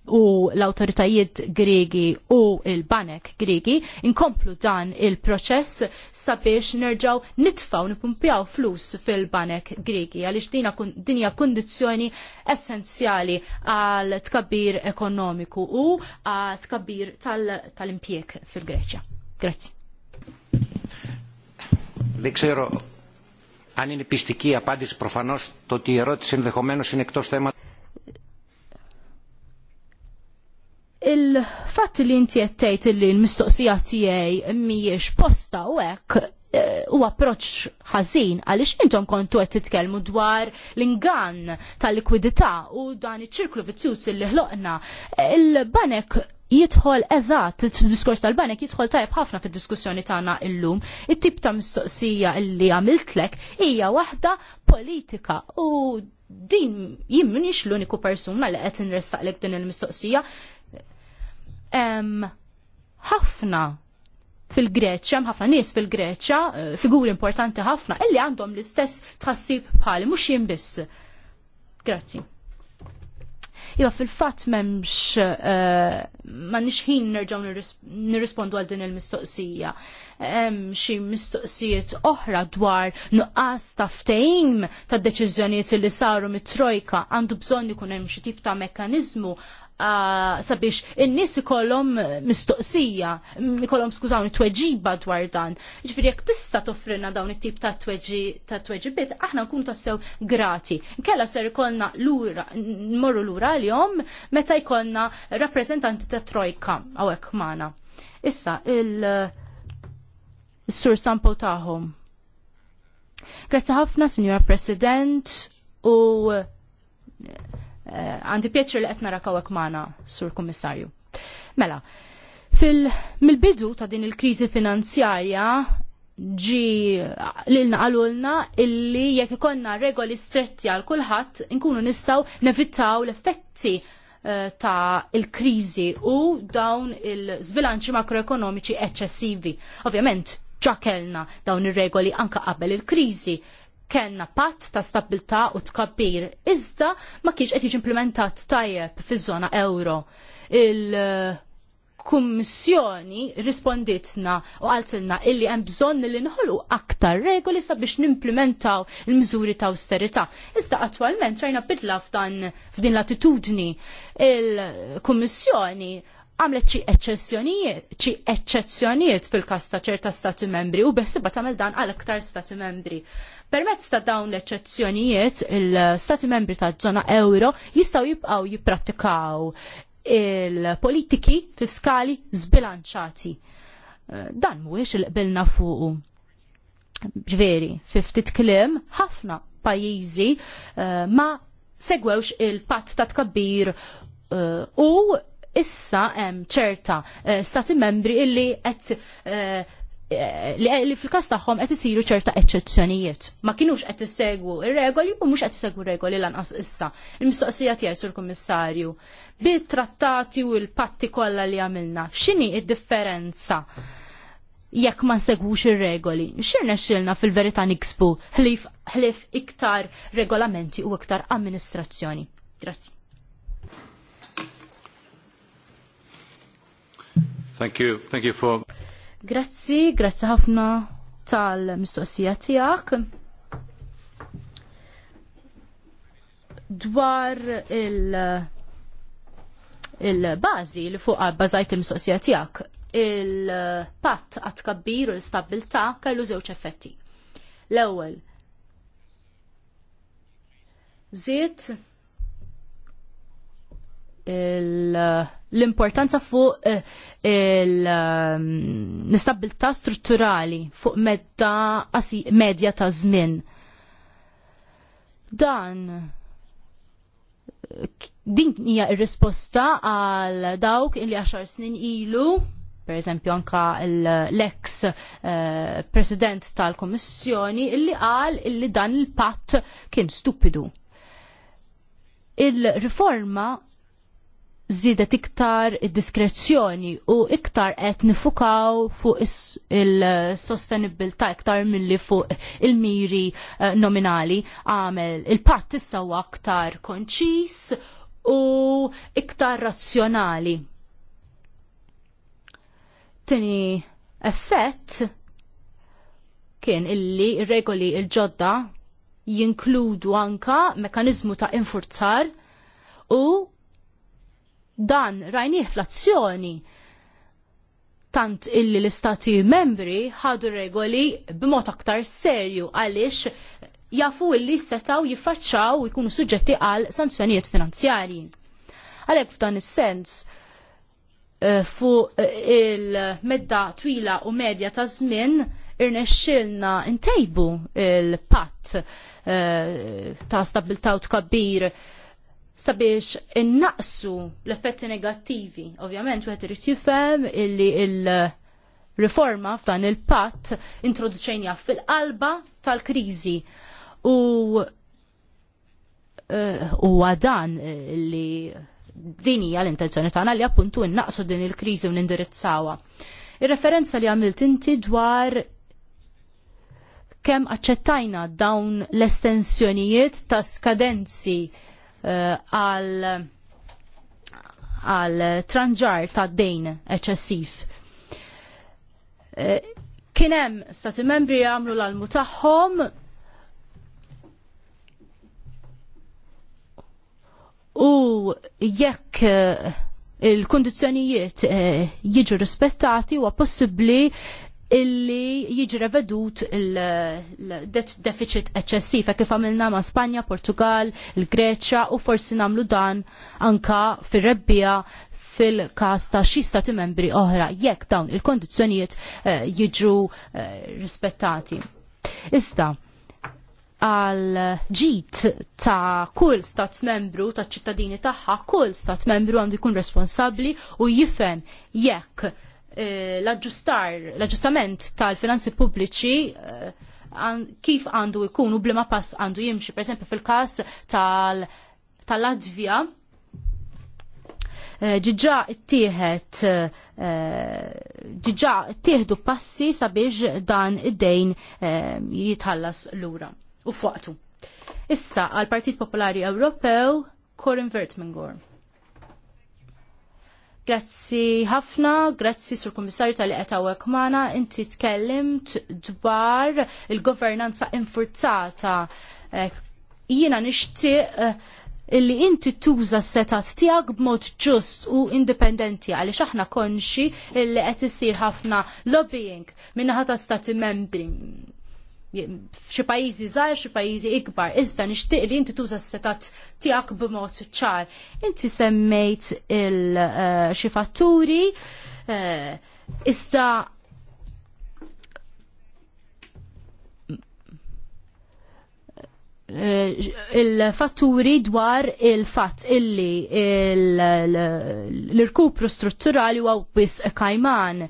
u l-autoritajiet Gregi u il-banek Gregi inkomplu dan il-proċess sabiex nerġaw nitfaw nipumpjaw flus fil-banek Gregi għalix dina kun, dinja kondizjoni essenzjali għal tkabbir ekonomiku u għal tkabbir tal-impjek tal fil-Greċja. Grazie. Δεν ξέρω αν είναι πιστική η απάντηση προφανώς το ότι η ερώτηση ενδεχομένως είναι εκτός θέματος. il-fatt li inti jettejt li l-mistoqsija tiegħi mhijiex posta u hekk eh, u approċ ħażin għaliex intom kontu qed titkellmu dwar l-ingann tal-likwidità u dan iċ-ċirklu vizzjuż li ħloqna. Il-banek jidħol eżatt, il-diskors tal-banek jidħol tajb ħafna fid-diskussjoni tagħna illum. It-tip ta' mistoqsija li għamiltlek hija waħda politika u din jimminix l-uniku persuna li qed inressaqlek din il-mistoqsija hemm ħafna fil-Greċja, ħafna nies fil-Greċja, eh, figuri importanti ħafna, illi għandhom l-istess tħassib bħali, mhux jien biss. Grazzi. Iva fil-fatt m'hemmx eh, m'għandniex ħin nerġgħu nirrispondu għal din il-mistoqsija. Hemm xi mistoqsijiet oħra dwar nuqqas ta' ftehim ta' deċiżjonijiet li saru mit-trojka għandu bżonn ikun hemm xi tip ta' mekkaniżmu sabiex in-nies ikollhom mistoqsija, ikollhom skużawni tweġiba dwar dan. Ġifieri jekk tista' toffrina dawn it-tip ta' tweġibiet, aħna nkunu tassew grati. Nkella ser ikollna lura nmorru lura għalihom meta jkollna rappreżentanti ta' trojka hawnhekk magħna. Issa il-sur sampo tagħhom. Grazzi ħafna, Signora President, u Eh, għandi pjaċir li qed narakawek magħna, Sur Kommissarju. Mela, fil-bidu ta' din il-kriżi finanzjarja ġi l-ilna għalulna illi jekk ikonna regoli stretti għal kulħadd inkunu nistaw nevittaw l-effetti eh, ta' il-krizi u dawn il zbilanċi makroekonomiċi eċċessivi. Ovvjament, ċakelna dawn ir-regoli anka qabel il-krizi, kellna patt ta' stabilità u tkabbir, iżda ma kienx qed jiġi implementat tajjeb fiż-żona euro. Il- kummissjoni risponditna u għaltilna illi hemm bżonn li nħolqu aktar regoli sabiex nimplementaw il-miżuri ta' austerità. Iżda attwalment rajna bidla f'dan f'din l-attitudni il-kummissjoni għamlet xi eċezzjonijiet, xi eċċezzjonijiet fil-kas ta' ċerta stati membri u beħsiba tagħmel dan għal aktar stati membri. Permezz ta' dawn l eċezzjonijiet il-stati membri ta' żona euro jistgħu jibqgħu jipprattikaw il-politiki fiskali zbilanċati. Eh, dan mhuwiex il-qbilna fuqu. Ġveri, fiftit klim, ħafna pajjiżi eh, ma segwewx il pat ta' tkabbir eh, u issa hemm ċerta eh, stati membri illi qed eh, eh, li fil-kas tagħhom qed isiru ċerta eċċezzjonijiet. Ma kinux qed issegwu ir-regoli u mhux qed isegwu regoli lanqas issa. Il-mistoqsija tiegħi sur kummissarju. Bit-trattati u l-patti kollha li għamilna, x'inhi d differenza jekk ma segwux ir-regoli? X'irna xilna fil-verità niksbu ħlif iktar regolamenti u iktar amministrazzjoni. Grazzi. Thank you, thank you for... Grazzi, grazzi ħafna tal-mistoqsija tijak. Dwar il- il-bazi li fuq bazajt il-mistoqsija tijak, il pat għat kabbir u l-stabilta kellu żewġ effetti. L-ewwel, żied l-importanza fuq eh, l-istabilità ehm, strutturali fuq medda medja ta' żmien. Dan din hija r-risposta għal dawk li għaxar snin ilu per eżempju anka l-ex eh, president tal kummissjoni illi qal illi dan il-patt kien stupidu. Il-riforma zidet iktar diskrezzjoni u iktar qed nifukaw fuq il-sostenibilità iktar milli fuq il-miri eh, nominali għamel il-patt issa huwa aktar konċis u iktar razzjonali. Tini effett kien illi regoli il-ġodda jinkludu anka mekanizmu ta' infurzar u dan rajnieh fl-azzjoni tant illi l-istati membri ħadu regoli b'mod aktar serju għaliex jafu illi setaw jiffaċċaw jkunu suġġetti għal sanzjonijiet finanzjarji. Għalhekk f'dan is-sens eh, fu eh, il-medda twila u medja ta' żmien irnexxilna ntejbu il-patt eh, ta' stabilta' u tkabbir sabiex innaqsu l-effetti negattivi. Ovvjament, u irid jifhem illi il-riforma f'dan il-patt introduċenja fil-qalba tal-kriżi. U huwa eh, għadan dan li din hija l-intenzjoni tagħna li appuntu innaqsu din il-kriżi u nindirizzawha. Ir-referenza li għamilt inti dwar kemm aċċettajna dawn l-estensjonijiet ta' skadenzi Eh, għal għal tranġar ta' dejn eċessiv. Eh, kienem stati membri għamlu l-almu tagħhom u jekk eh, il-kondizjonijiet jiġu rispettati huwa possibbli illi jiġi revedut il-deficit eċċessiv kif għamilna ma' Spanja, Portugal, il-Greċja u forsi namlu dan anka fir-rebbija fil-kas ta' xi stati membri oħra jekk dawn il-kondizzjonijiet eh, jiġu eh, rispettati. Ista, għal ġit ta' kull stat membru, ta' ċittadini tagħha, kull stat membru għandu jkun responsabbli u jifhem jekk Eh, l-aġġustament aġġustar l tal-finanzi pubbliċi eh, kif għandu jkun u blima pass għandu jimxi, per esempio fil-kas tal-Latvija, eh, ġiġa ittieħed ġiġa ittieħdu passi sabiex dan id-dejn jitħallas lura u fuqtu. Issa għal Partit Popolari Ewropew Corin Vertmingor. Grazzi ħafna, grazzi sur komissarju tal-li għetawek maħna, inti tkellimt dwar il-governanza infurzata. Eh, jiena nixtieq eh, illi inti tuża setat tiegħek b'mod ġust u indipendenti għaliex aħna konxi illi qed isir ħafna lobbying minna ta' stati membri xi pajjiżi żgħar, xi pajjiżi ikbar, iżda nixtieq li inti tuża s-setat tiegħek b'mod ċar. Inti semmejt il xi fatturi, iżda il-fatturi dwar il-fatt illi l-irkupru strutturali huwa biss kajman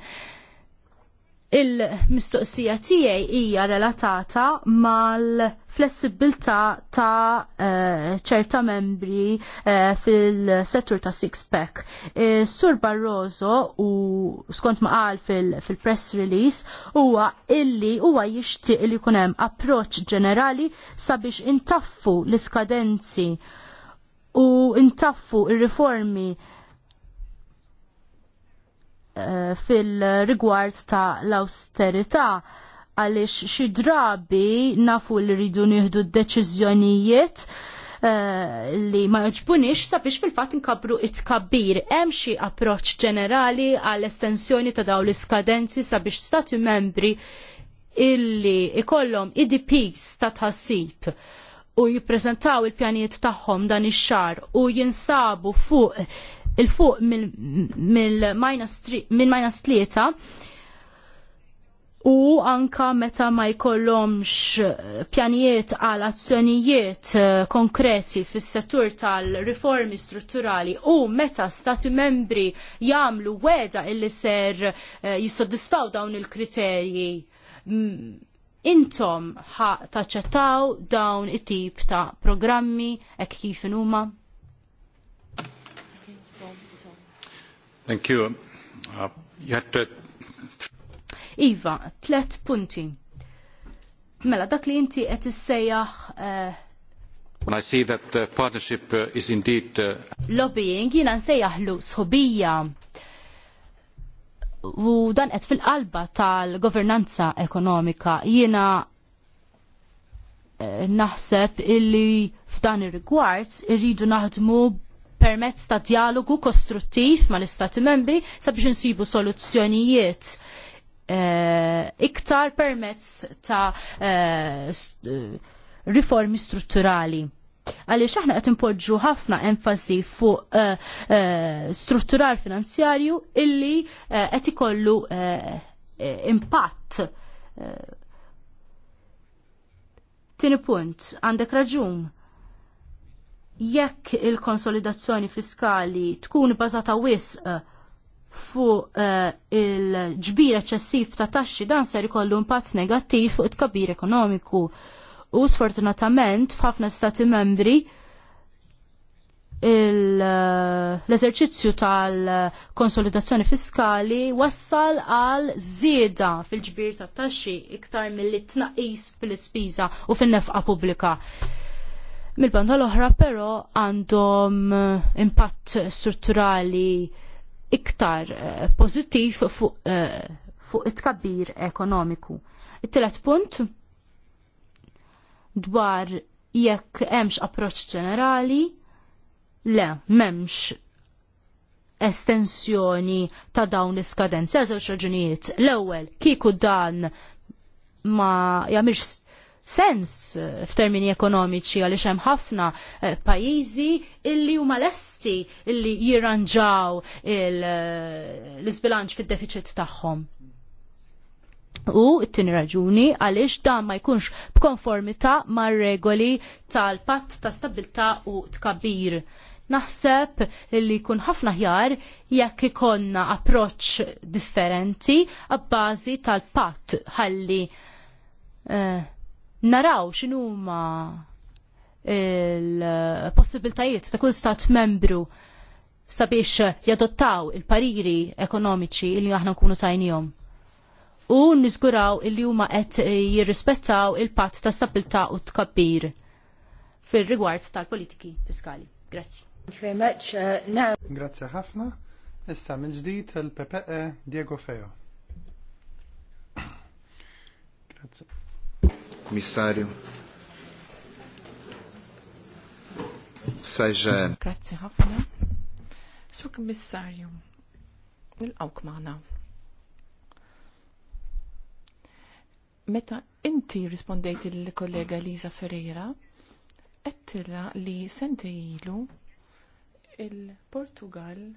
il-mistoqsija tiegħi hija relatata mal-flessibilità ta' eh, ċerta membri eh, fil-settur ta' six pack. Eh, Sur Barroso u skont ma qal fil-press release huwa illi huwa jixtieq li jkun hemm approċċ ġenerali sabiex intaffu l-iskadenzi u intaffu ir-riformi Eh, fil-rigward ta' l-austerità għaliex xi drabi nafu li rridu nieħdu d-deċiżjonijiet eh, li ma joġbunix sabiex fil-fatt inkabru it-kabbir. Hemm xi approċċ ġenerali għall estensjoni ta' dawn l-iskadenzi sabiex stati membri illi ikollhom IDPs ta' tħassib u jippreżentaw il-pjanijiet tagħhom dan ix-xar u jinsabu fuq il-fuq minn minus minus tlieta u anka meta ma jkollhomx eh, pjanijiet għal azzjonijiet eh, konkreti fis-settur tal-riformi strutturali u meta stati membri jagħmlu weda illi ser eh, jissodisfaw dawn il-kriterji mm, intom ħaq taċċettaw dawn it-tip ta' programmi hekk kif huma? Thank you. Uh, iva, tlet punti. Mela, dak li inti qed issejjaħ eh, When I see that the partnership uh, is indeed uh... lobbying, jina nsejjaħ lu sħobija u dan qed fil-qalba tal-governanza ekonomika jina uh, eh, naħseb illi f'dan ir-rigward irridu naħdmu permezz ta' dialogu kostruttiv mal-Istati membri sabiex insibu soluzzjonijiet eh, iktar permezz ta' eh, eh riformi strutturali. Għaliex aħna qed impoġġu ħafna enfasi fuq eh, eh, struttural finanzjarju illi qed ikollu impatt. Tini punt, għandek raġun jekk il-konsolidazzjoni fiskali tkun bazata wisq eh, fuq eh, il-ġbir eċessiv ta' taxxi dan ser ikollu impatt negattiv fuq it-kabir ekonomiku. U sfortunatament f'ħafna stati membri eh, l-eżerċizzju tal-konsolidazzjoni fiskali wassal għal zieda fil-ġbir ta' taxxi iktar mill-tnaqis fil-ispiża u fin-nefqa pubblika. Mil-banda l-oħra però għandhom eh, impatt strutturali iktar eh, pozittiv fuq eh, it tkabbir ekonomiku. It-telet punt dwar jekk hemmx approċċ ġenerali, le, m'hemmx estensjoni ta' dawn l-iskadenzi għal raġunijiet. L-ewwel kieku dan ma jagħmilx sens eh, f'termini ekonomiċi għaliex hemm ħafna eh, pajjiżi illi huma lesti illi jirranġaw eh, l-isbilanċ fid-deficit tagħhom. U t-tini raġuni għaliex dan ma jkunx b'konformità mar regoli tal-patt ta' stabilta u tkabbir. Naħseb li jkun ħafna ħjar jekk ikonna approċ differenti għabbażi tal-patt ħalli naraw x'inhuma il-possibiltajiet ta' kull stat membru sabiex jadottaw il-pariri ekonomiċi li aħna nkunu tajnijom. U nizguraw il-li huma qed jirrispettaw il-patt ta' stabilta' u tkabbir fil-rigward tal-politiki fiskali. Grazzi. Uh, Grazzi ħafna. Issa mill-ġdid il-PPE Diego Feo. Grazzi. Commissário. Seja. Grazie ħafna. Sur Commissário. Nil-għawk maħna. Meta inti rispondejt il-kollega Liza Ferreira, ettila li sente ilu il-Portugal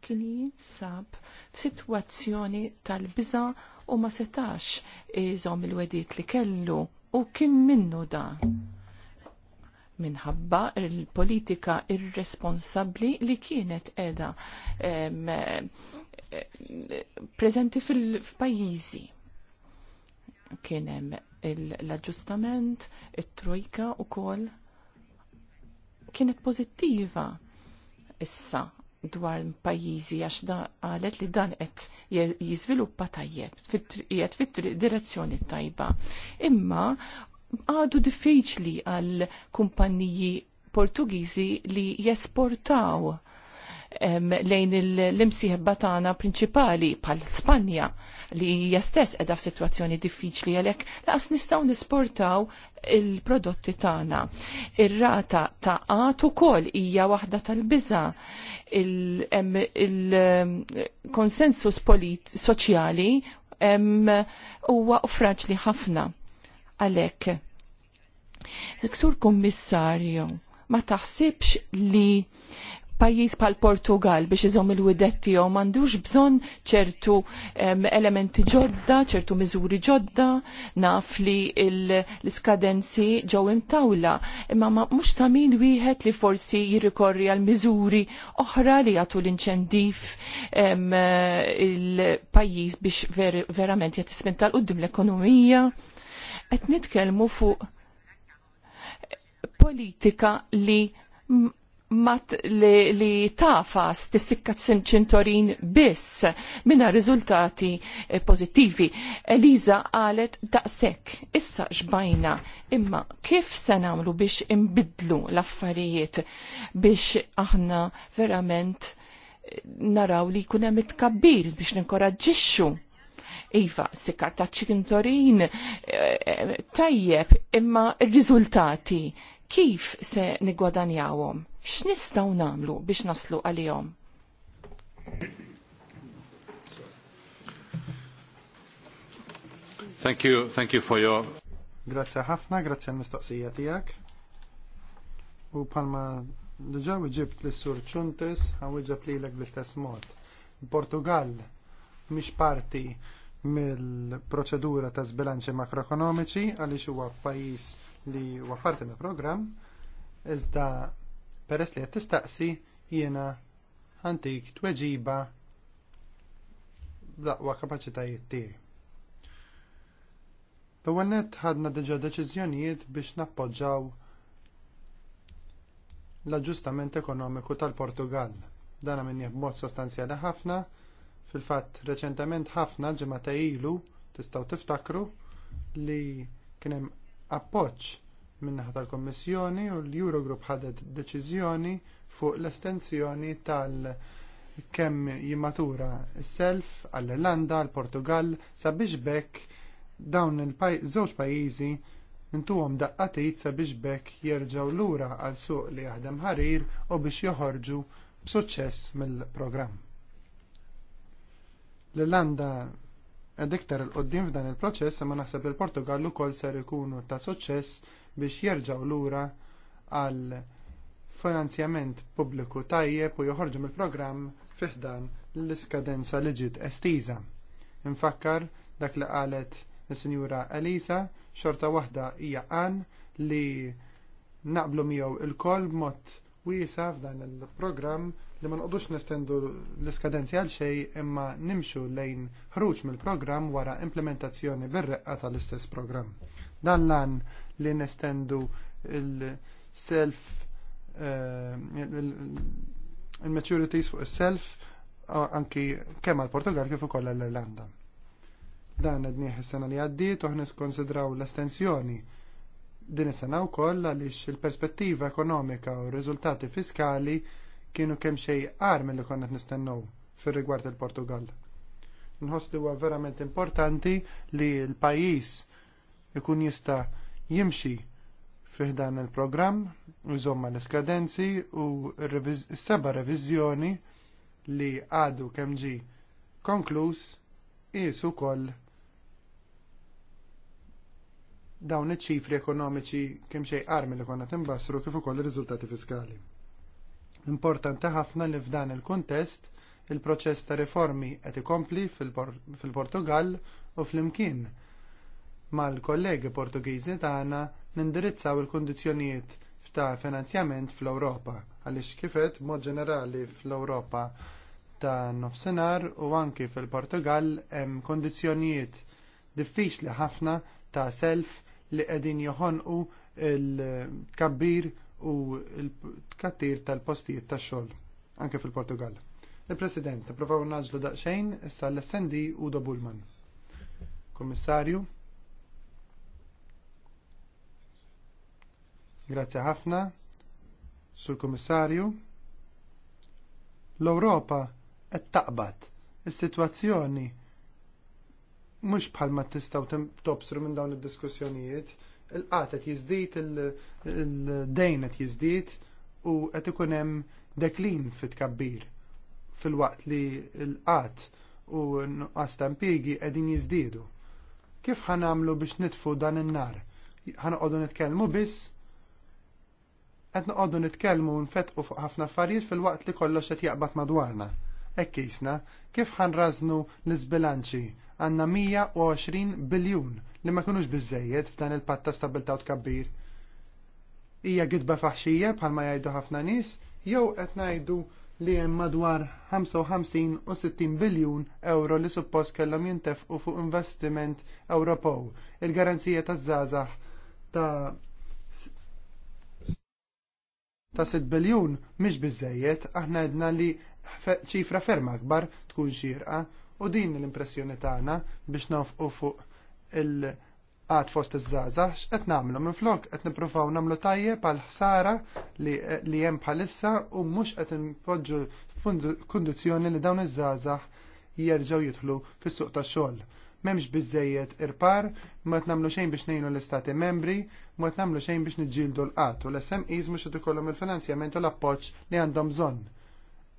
kien jinsab f'sitwazzjoni tal-biża' u ma setax iżom il-wedit li kellu u kim minnu da minħabba il-politika irresponsabli li kienet edha um, prezenti fil-pajizi. Kienem l-aġġustament, it-trojka u kol kienet pozittiva issa dwar pajjiżi għax qalet li dan qed jiżviluppa tajjeb, qiegħed fit-direzzjoni tajba. Imma għadu diffiċli għal kumpanniji Portugiżi li jesportaw lejn l-imsieħba tagħna prinċipali pal Spanja li hija stess qiegħda f'sitwazzjoni diffiċli għalhekk laqas nistgħu nisportaw il-prodotti tagħna. Ir-rata ta' għat ukoll hija waħda tal-biża' il-konsensus soċjali huwa li ħafna għalhekk. Sur kummissarju, ma taħsibx li pajjiż bħal Portugal biex iżom il-widet tiegħu m'għandux bżonn ċertu elementi ġodda, ċertu miżuri ġodda, naf li l-iskadenzi ġew imtawla, imma mhux ta' min wieħed li forsi jirrikorri għal miżuri oħra li jagħtu l-inċendif il-pajjiż biex ver verament jtismin tal-qudiem l-ekonomija. Qed nitkellmu fuq politika li mat li, li tafa stissikka ċintorin biss minna rizultati eh, pozittivi. Eliza għalet daqsek, issa xbajna, imma kif se namlu biex imbidlu l-affarijiet biex aħna verament eh, naraw li kunem itkabbir biex ninkoraġġixxu Iva, sikkar ta' ċintorin eh, tajjeb imma r-riżultati kif se nigwadanjawom? X'nistgħu nagħmlu biex naslu għalihom? Thank you, thank you for your... Grazie ħafna, grazie għal-mistoqsija tijak. U palma diġà ġibt lis sur ċuntis, għan ġab li l istess mod. Portugal mhix parti mill-proċedura ta' sbilanċi makroekonomiċi għalix huwa pajis li huwa parti mill-programm, iżda peress li qed tistaqsi jiena ħantik tweġiba bl-aqwa kapaċitajiet tiegħi. L-ewwel nett ħadna diġà deċiżjonijiet biex nappoġġaw l-aġġustament ekonomiku tal-Portugal. Dan għamilni b'mod sostanzjali ħafna, fil-fatt reċentament ħafna ġimgħa ilu tistgħu tiftakru li kien hemm appoġġ min-naħa tal kummissjoni u l-Eurogroup ħadet deċiżjoni fuq l-estensjoni tal- kemm jimmatura s-self għall-Irlanda, għall-Portugal, sabiex bekk dawn il-żewġ pajjiżi intuhom daqqatit sabiex bekk jerġgħu lura għal suq li jaħdem ħarir u biex joħorġu b'suċċess mill-programm. L-Irlanda Ed iktar il-qoddim f'dan il-proċess imma naħseb il portugal ukoll ser ikunu ta' suċċess biex jerġgħu lura għal finanzjament pubbliku tajjeb u joħorġu mill-programm fiħdan l-iskadenza li ġiet estiża. Infakkar dak li qalet is-Sinjura Elisa xorta waħda hija qal li naqblu miegħu il b'mod wiesa f'dan il-programm li ma nqodux nestendu l-iskadenzi għal xej, imma nimxu lejn ħruġ mill-programm wara implementazzjoni bir-reqqa tal-istess programm. Dan lan li nestendu il-self eh, il-maturities fuq is-self anki kemm għall portugal kif ukoll għall-Irlanda. Dan qed is-sena li għaddiet u aħna l-estensjoni din is-sena wkoll għaliex il-perspettiva ekonomika u r-riżultati fiskali kienu kemm xejn mill li konna nistennew fir-rigward il-Portugal. Nħoss li huwa verament importanti li l-pajjiż ikun jista' jimxi fiħdan il-programm u jżomma l-iskadenzi u s-seba reviżjoni li għadu kemm ġi konkluż isu koll dawn iċ-ċifri ekonomiċi kemm xejn qar li konna tinbassru kif ukoll ir-riżultati fiskali. Importanti ħafna li f'dan il-kuntest il-proċess ta' riformi qed ikompli fil-Portugal u flimkien mal-kollegi Portugiżi tagħna nindirizzaw il-kundizzjonijiet ta' finanzjament fl-Ewropa għaliex kifet mod ġenerali fl-Ewropa ta' nofsinhar u anki fil-Portugal hemm kundizzjonijiet diffiċli ħafna ta' self li qegħdin joħonqu l kabbir u l-kattir tal-postijiet tax-xogħol anke fil-Portugal. Il-President, provaw naġlu daqsxejn issa l-SND Udo Bullman. Kommissarju, Grazie ħafna, Sur Kommissarju. L-Ewropa qed taqbad is-sitwazzjoni mhux bħalma tistgħu tobsru minn dawn id-diskussjonijiet il-qatet jizdit, il-dejn qed jizdit u qed ikun hemm deklin fit-kabbir fil-waqt li l-qat u nuqqas tampigi qegħdin jiżdiedu. Kif għamlu biex nitfu dan in-nar? Ħanqogħdu nitkellmu biss qed noqogħdu nitkellmu nfetqu fuq ħafna affarijiet fil-waqt li kollox qed jaqbad madwarna. Hekk kif kif raznu l-iżbilanċi għanna 120 biljun li ma kunux bizzejiet f'dan il-patt ta' stabilta' kabbir. Ija Hija gidba faħxija bħalma jgħidu ħafna nies jew qed ngħidu li hemm madwar 55 u 60 biljun euro li suppost kellhom jintefqu fuq investiment Ewropew. Il-garanzija taż-żgħażagħ ta' ta' 6 biljun mhix biżejjed aħna għedna li ċifra ferm akbar tkun xirqa. U din l-impressjoni tagħna biex nafqu fuq il-qat fost iż-żgħażagħ qed nagħmlu minflok qed nippruvaw nagħmlu tajjeb għal ħsara li hemm bħalissa u mhux qed inpoġġu f'kundizzjoni li dawn iż-żgħażagħ jerġgħu jidħlu fis-suq tax-xogħol. M'hemmx biżejjed irpar, ma qed nagħmlu xejn biex ngħinu l-istati membri, ma qed nagħmlu xejn biex niġġieldu l-qatt u l-SMEs mhux qed ikollhom il-finanzjament u l-appoġġ li għandhom bżonn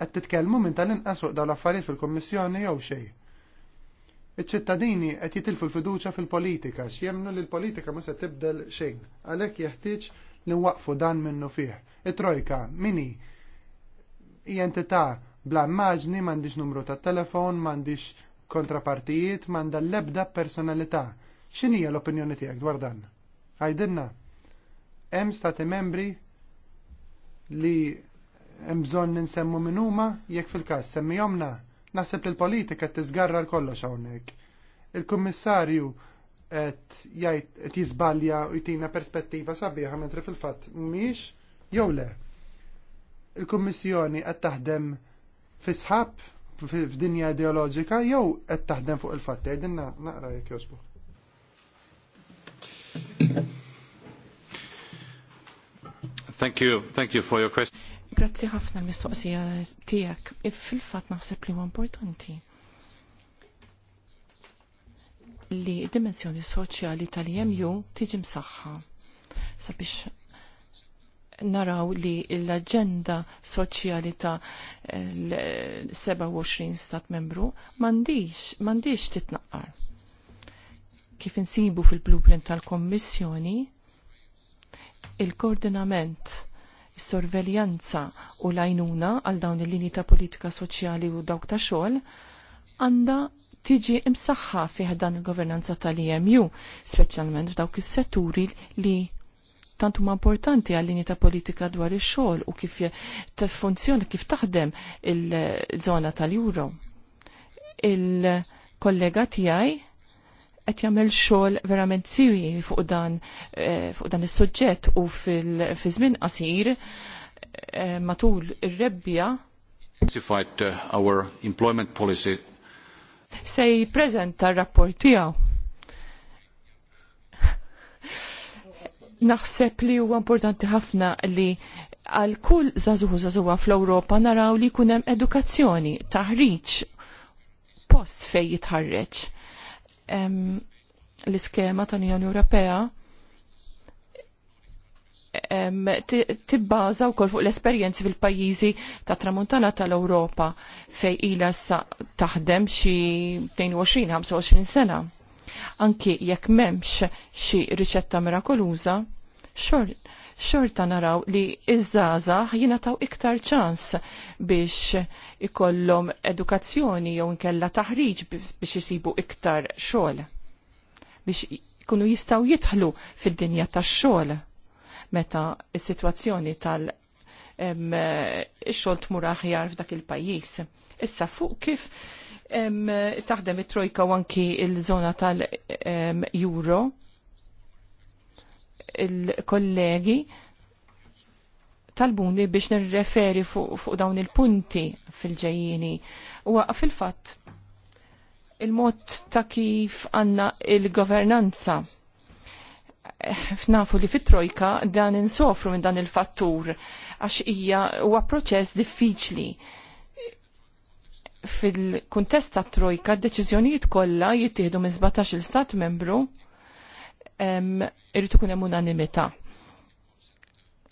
qed titkellmu minn tal-inqas fuq dawn l-affarijiet fil-Kummissjoni jew xejn. Iċ-ċittadini qed jitilfu l-fiduċja fil-politika x'jemnu li l-politika mhux se tibdel xejn, għalhekk jeħtieġ li waqfu dan minnu fih. It-trojka mini hija entità bla immaġni m'għandix numru ta' telefon, m'għandix kontrapartijiet, m'għandha l-ebda personalità. X'inhi l-opinjoni tiegħek dwar dan? Għajdinna, hemm stati membri li hemm bżonn ninsemmu min huma jekk fil-każ semmihomna. Naħseb li l-politika t-tizgarra l-kollox hawnhekk. Il-kummissarju qed jgħid jiżbalja u jtina perspettiva sabiħa mentri fil-fatt mhijiex jew le. Il-Kummissjoni qed taħdem fi sħab f'dinja ideoloġika jew qed taħdem fuq il-fatti għedinna naqra jekk josbuħ. Thank you, thank you for your question. Grazzi ħafna l-mistoqsija tiegħek. Fil-fatt naħseb li huwa importanti li d dimensjoni soċjali tal-EMU tiġi msaħħa sabiex naraw li l-agenda soċjali ta' l-27 stat membru mandiċ, titnaqar. titnaqqar. Kif insibu fil-blueprint tal-Kommissjoni, il-koordinament sorveljanza u l-għajnuna għal dawn il-linji ta' politika soċjali u dawk ta' xogħol għandha tiġi imsaħħa fih dan il-governanza tal-EMU, speċjalment f'dawk is-setturi li tant huma importanti għal linji ta' politika dwar ix-xogħol u kif tiffunzjoni kif taħdem il-żona tal-Euro. Il-kollega tiegħi qed jagħmel xogħol verament sirji fuq dan eh, fuq dan is-suġġett u fi żmien qasir eh, matul ir-rebbja intensified uh, our employment policy se jippreżenta r-rapport tiegħu. Naħseb li huwa importanti ħafna li għal kull zazuħu zazuwa fl ewropa naraw li kunem edukazzjoni, taħriċ, post fej jitħarreċ l-iskema tal-Unjoni Ewropea tibbaża wkoll fuq l-esperjenzi fil-pajjiżi ta' tramuntana tal-Ewropa fej ila sa taħdem xi 22-25 sena. Anki jekk m'hemmx xi riċetta mirakoluża, xor xorta naraw li iż-żazax jingħataw iktar ċans biex ikollhom edukazzjoni jew inkella taħriġ biex isibu iktar xogħol biex ikunu jistaw jitħlu fid-dinja tax-xogħol meta s-sitwazzjoni tal- xogħol tmur aħjar f'dak il-pajjiż. Issa fuq kif taħdem it-trojka u anki il-żona tal-euro il-kollegi tal-buni biex nirreferi fuq dawn il-punti fil-ġejjini. U fil-fatt il-mod ta' kif għanna il-governanza. Fnafu li fit-trojka dan insofru minn dan il-fattur għax hija huwa proċess diffiċli fil-kuntest trojka d-deċiżjonijiet kollha jittieħdu minn 17 il-stat membru irrid ikun hemm unanimità.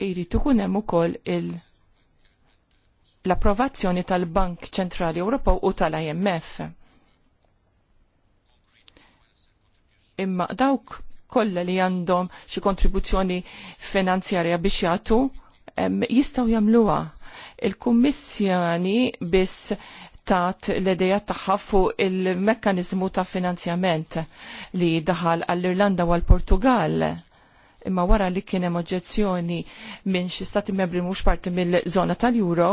Irrid ikun hemm ukoll l-approvazzjoni tal-Bank Ċentrali Ewropew u tal-IMF. Imma dawk kollha li għandhom xi kontribuzzjoni finanzjarja biex jagħtu jistgħu jagħmluha. Il-kummissjoni biss tat l ideja tagħha fuq il-mekkaniżmu ta' finanzjament li daħal għall-Irlanda u għall-Portugal imma wara li kien hemm oġġezzjoni minn xi stati membri mhux parti mill-żona tal-Euro,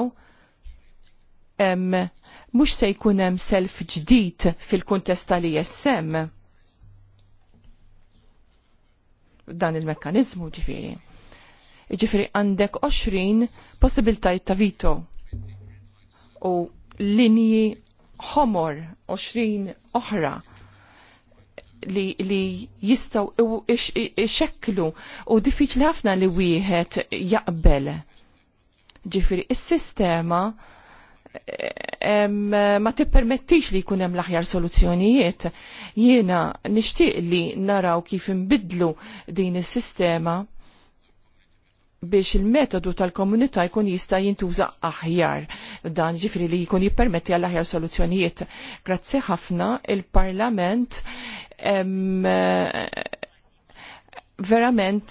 mhux se jkun hemm self ġdid fil-kuntest tal-ISM. Dan il-mekkaniżmu ġifieri. Ġifieri għandek 20 possibiltajiet ta' vito. U linji ħomor 20 oħra li, li jistaw ixekklu u diffiċli ħafna li wieħed jaqbel. Ġifiri, is-sistema eh, ma tippermettix li jkun hemm l-aħjar soluzzjonijiet. Jiena nixtieq li naraw kif imbidlu din is-sistema biex il-metodu tal-komunità jkun jista' jintuża aħjar. Dan ġifri li jkun jippermetti għall aħjar soluzzjonijiet. Grazzi ħafna il-Parlament verament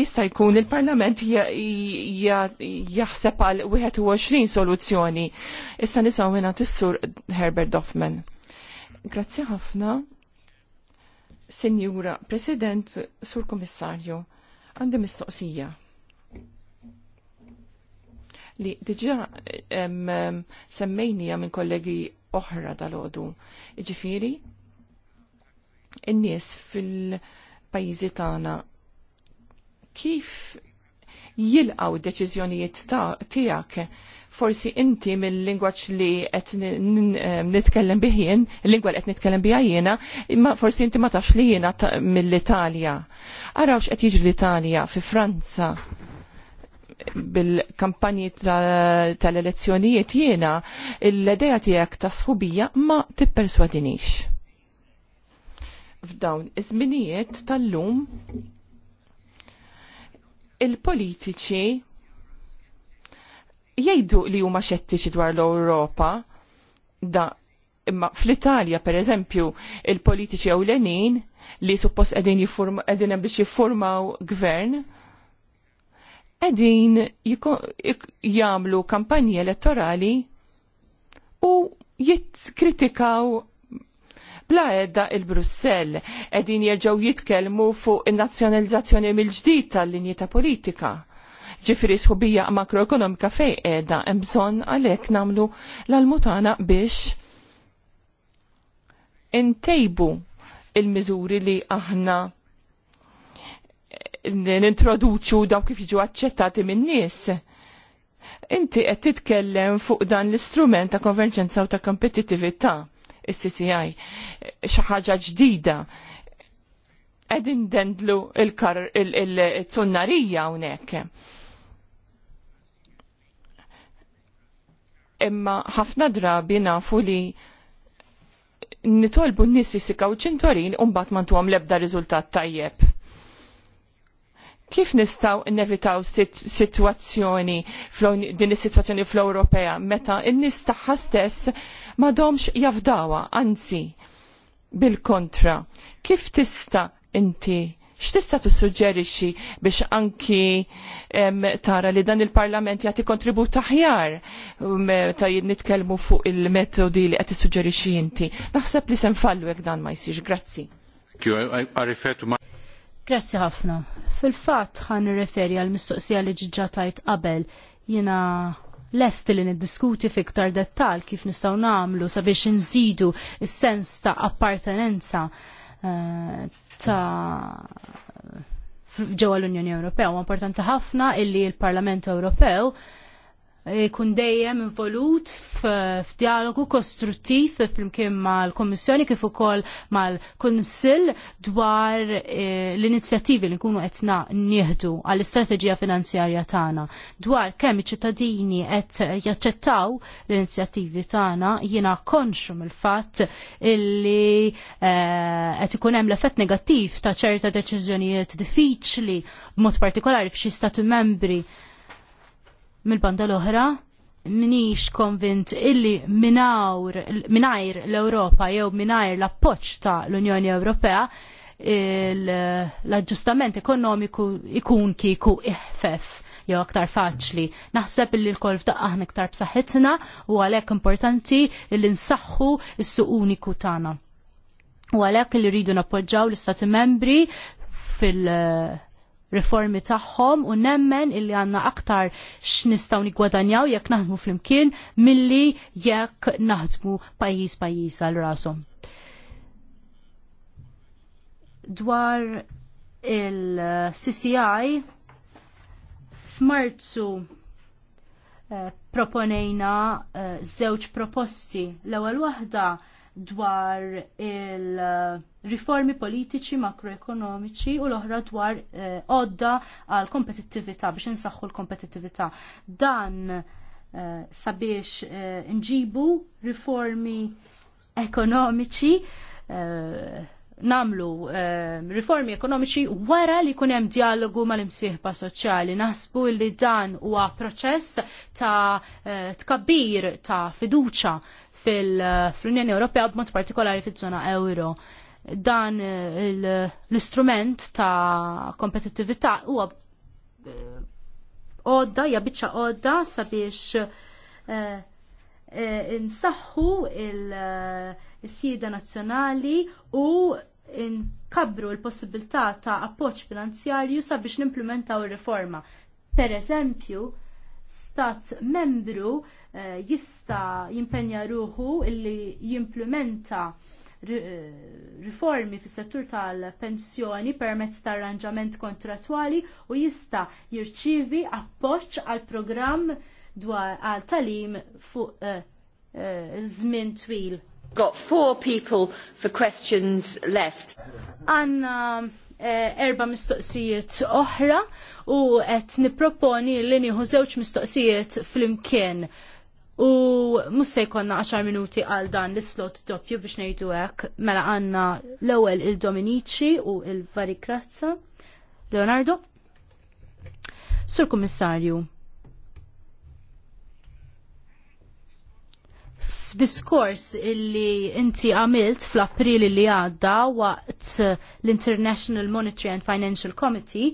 jista' jkun il-Parlament jaħseb għal 21 soluzzjoni. Issa nisaw minna tissur Herbert Doffman. Grazzi ħafna, Sinjura President, Sur Komissarju. Għandi mistoqsija li diġa semmejnija minn kollegi oħra dal-ħodu. Ġifiri, n-nies fil-pajizi tagħna kif jilqaw deċiżjonijiet tiegħek forsi inti mill-lingwaċ li qed nitkellem bih jien, il-lingwa li qed nitkellem biha jiena, imma forsi inti ma tafx li jiena mill-Italja. Araw x'qed jiġri l-Italja fi Franza bil-kampanji tal-elezzjonijiet jiena l-idea tiegħek ta' sħubija ma tipperswadinix. F'dawn iż-żminijiet tal-lum il-politiċi jgħidu li huma xettiċi dwar l-Ewropa da imma fl-Italja per eżempju il-politiċi ewlenin li suppost qegħdin qegħdin biex jiffurmaw gvern qegħdin jagħmlu kampanji elettorali u jitkritikaw bla edda il-Brussell qegħdin jerġgħu jitkellmu fuq in-nazzjonalizzazzjoni mill-ġdid tal-linji ta' politika ġifiri sħubija makroekonomika fej edha mbżon għalek namlu l-almutana biex intejbu il-mizuri li aħna nintroduċu daw kif jiġu għacċettati minn nies. Inti qed titkellem fuq dan l-istrument ta' konverġenza u ta' kompetittività, il cci xi ħaġa ġdida edin dendlu il-tonnarija il, unek. imma ħafna drabi nafu li nitolbu n-nissi sikaw ċintorin un bat mantu għam lebda rizultat tajjeb. Kif nistaw nevitaw situazzjoni din is-situazzjoni fl-Ewropea meta n-nis taħħa stess ma domx jafdawa, anzi, bil-kontra. Kif tista inti x'tista' tissuġġerixxi biex anki em, tara li dan il-Parlament jagħti kontribut aħjar ta' nitkellmu fuq il-metodi li qed tissuġġerixxi inti. Naħseb li se nfallu hekk dan ma jsirx. Grazzi. Grazzi ħafna. Fil-fatt ħan nirreferi għal mistoqsija li ġiġġa tajt qabel jiena lest li niddiskuti fiktar dettal kif nistgħu nagħmlu sabiex nżidu is-sens ta' appartenenza eh, ta' ġewwa l-Unjoni Ewropew. Importanti ħafna illi l-Parlament Ewropew Kun dejjem involut f'dialogu kostruttiv flimkien mal-Kommissjoni kif ukoll mal-Kunsill dwar eh, l-inizjattivi li nkunu qed nieħdu għall-istrateġija finanzjarja tagħna dwar kemm iċ-ċittadini qed jaċċettaw l-inizjattivi tagħna jiena konxu mill-fatt illi eh, qed ikun hemm l-effett negattiv ta' ċerta deċiżjonijiet diffiċli b'mod partikolari f'xi stati membri Mill-banda l-oħra, minix konvint illi minajr l-Europa jew minajr l-appoċ ta' l-Unjoni Ewropea l-aġġustament ekonomiku ikun kiku iħfef jew aktar faċli. Naħseb illi l-kol f'daqqaħna aktar b'saħħitna u għalhekk importanti li nsaħħu s-suq uniku tagħna. U għalhekk li rridu nappoġġaw l-Istati membri fil- riformi tagħhom u nemmen illi għandna aktar x'nistgħu nigwadanjaw jekk naħdmu flimkien milli jekk naħdmu pajjiż pajjiż għal rashom. Dwar il-CCI f'Marzu eh, proponejna eh, żewġ proposti. L-ewwel waħda dwar il-riformi politiċi makroekonomiċi u l-oħra dwar eh, odda għal kompetittività biex insaħħu l-kompetittività. Dan eh, sabiex eh, nġibu riformi ekonomiċi eh, namlu eh, riformi ekonomiċi wara li kunem dialogu mal-imsieħba soċjali. Naħsbu li dan huwa proċess ta' eh, tkabbir ta' fiduċa fil-Unjoni eh, Ewropea b'mod partikolari fil zona euro dan l-istrument ta' kompetittività huwa għodda, jabiċa għodda sabiex insaħħu il- is-sieda nazzjonali u nkabru l-possibilità ta' appoġġ finanzjarju sabiex nimplementaw ir-riforma. Per eżempju, stat membru eh, jista' jimpenja ruħu illi jimplementa eh, riformi fis settur tal-pensjoni permezz ta' arranġament kontratwali u jista jirċievi appoġġ għal programm dwar għal talim fuq eh, żmien twil got four people for questions left. Anna eh, erba mistoqsijiet oħra u qed nipproponi li nieħu żewġ mistoqsijiet flimkien. U mhux se jkollna 10 minuti għal dan l-slot doppju biex ngħidu hekk mela għandna l-ewwel il-Dominici u l-Varikrazza. Leonardo? Sur Kummissarju, Diskors illi inti għamilt fl-April li għadda waqt l-International Monetary and Financial Committee,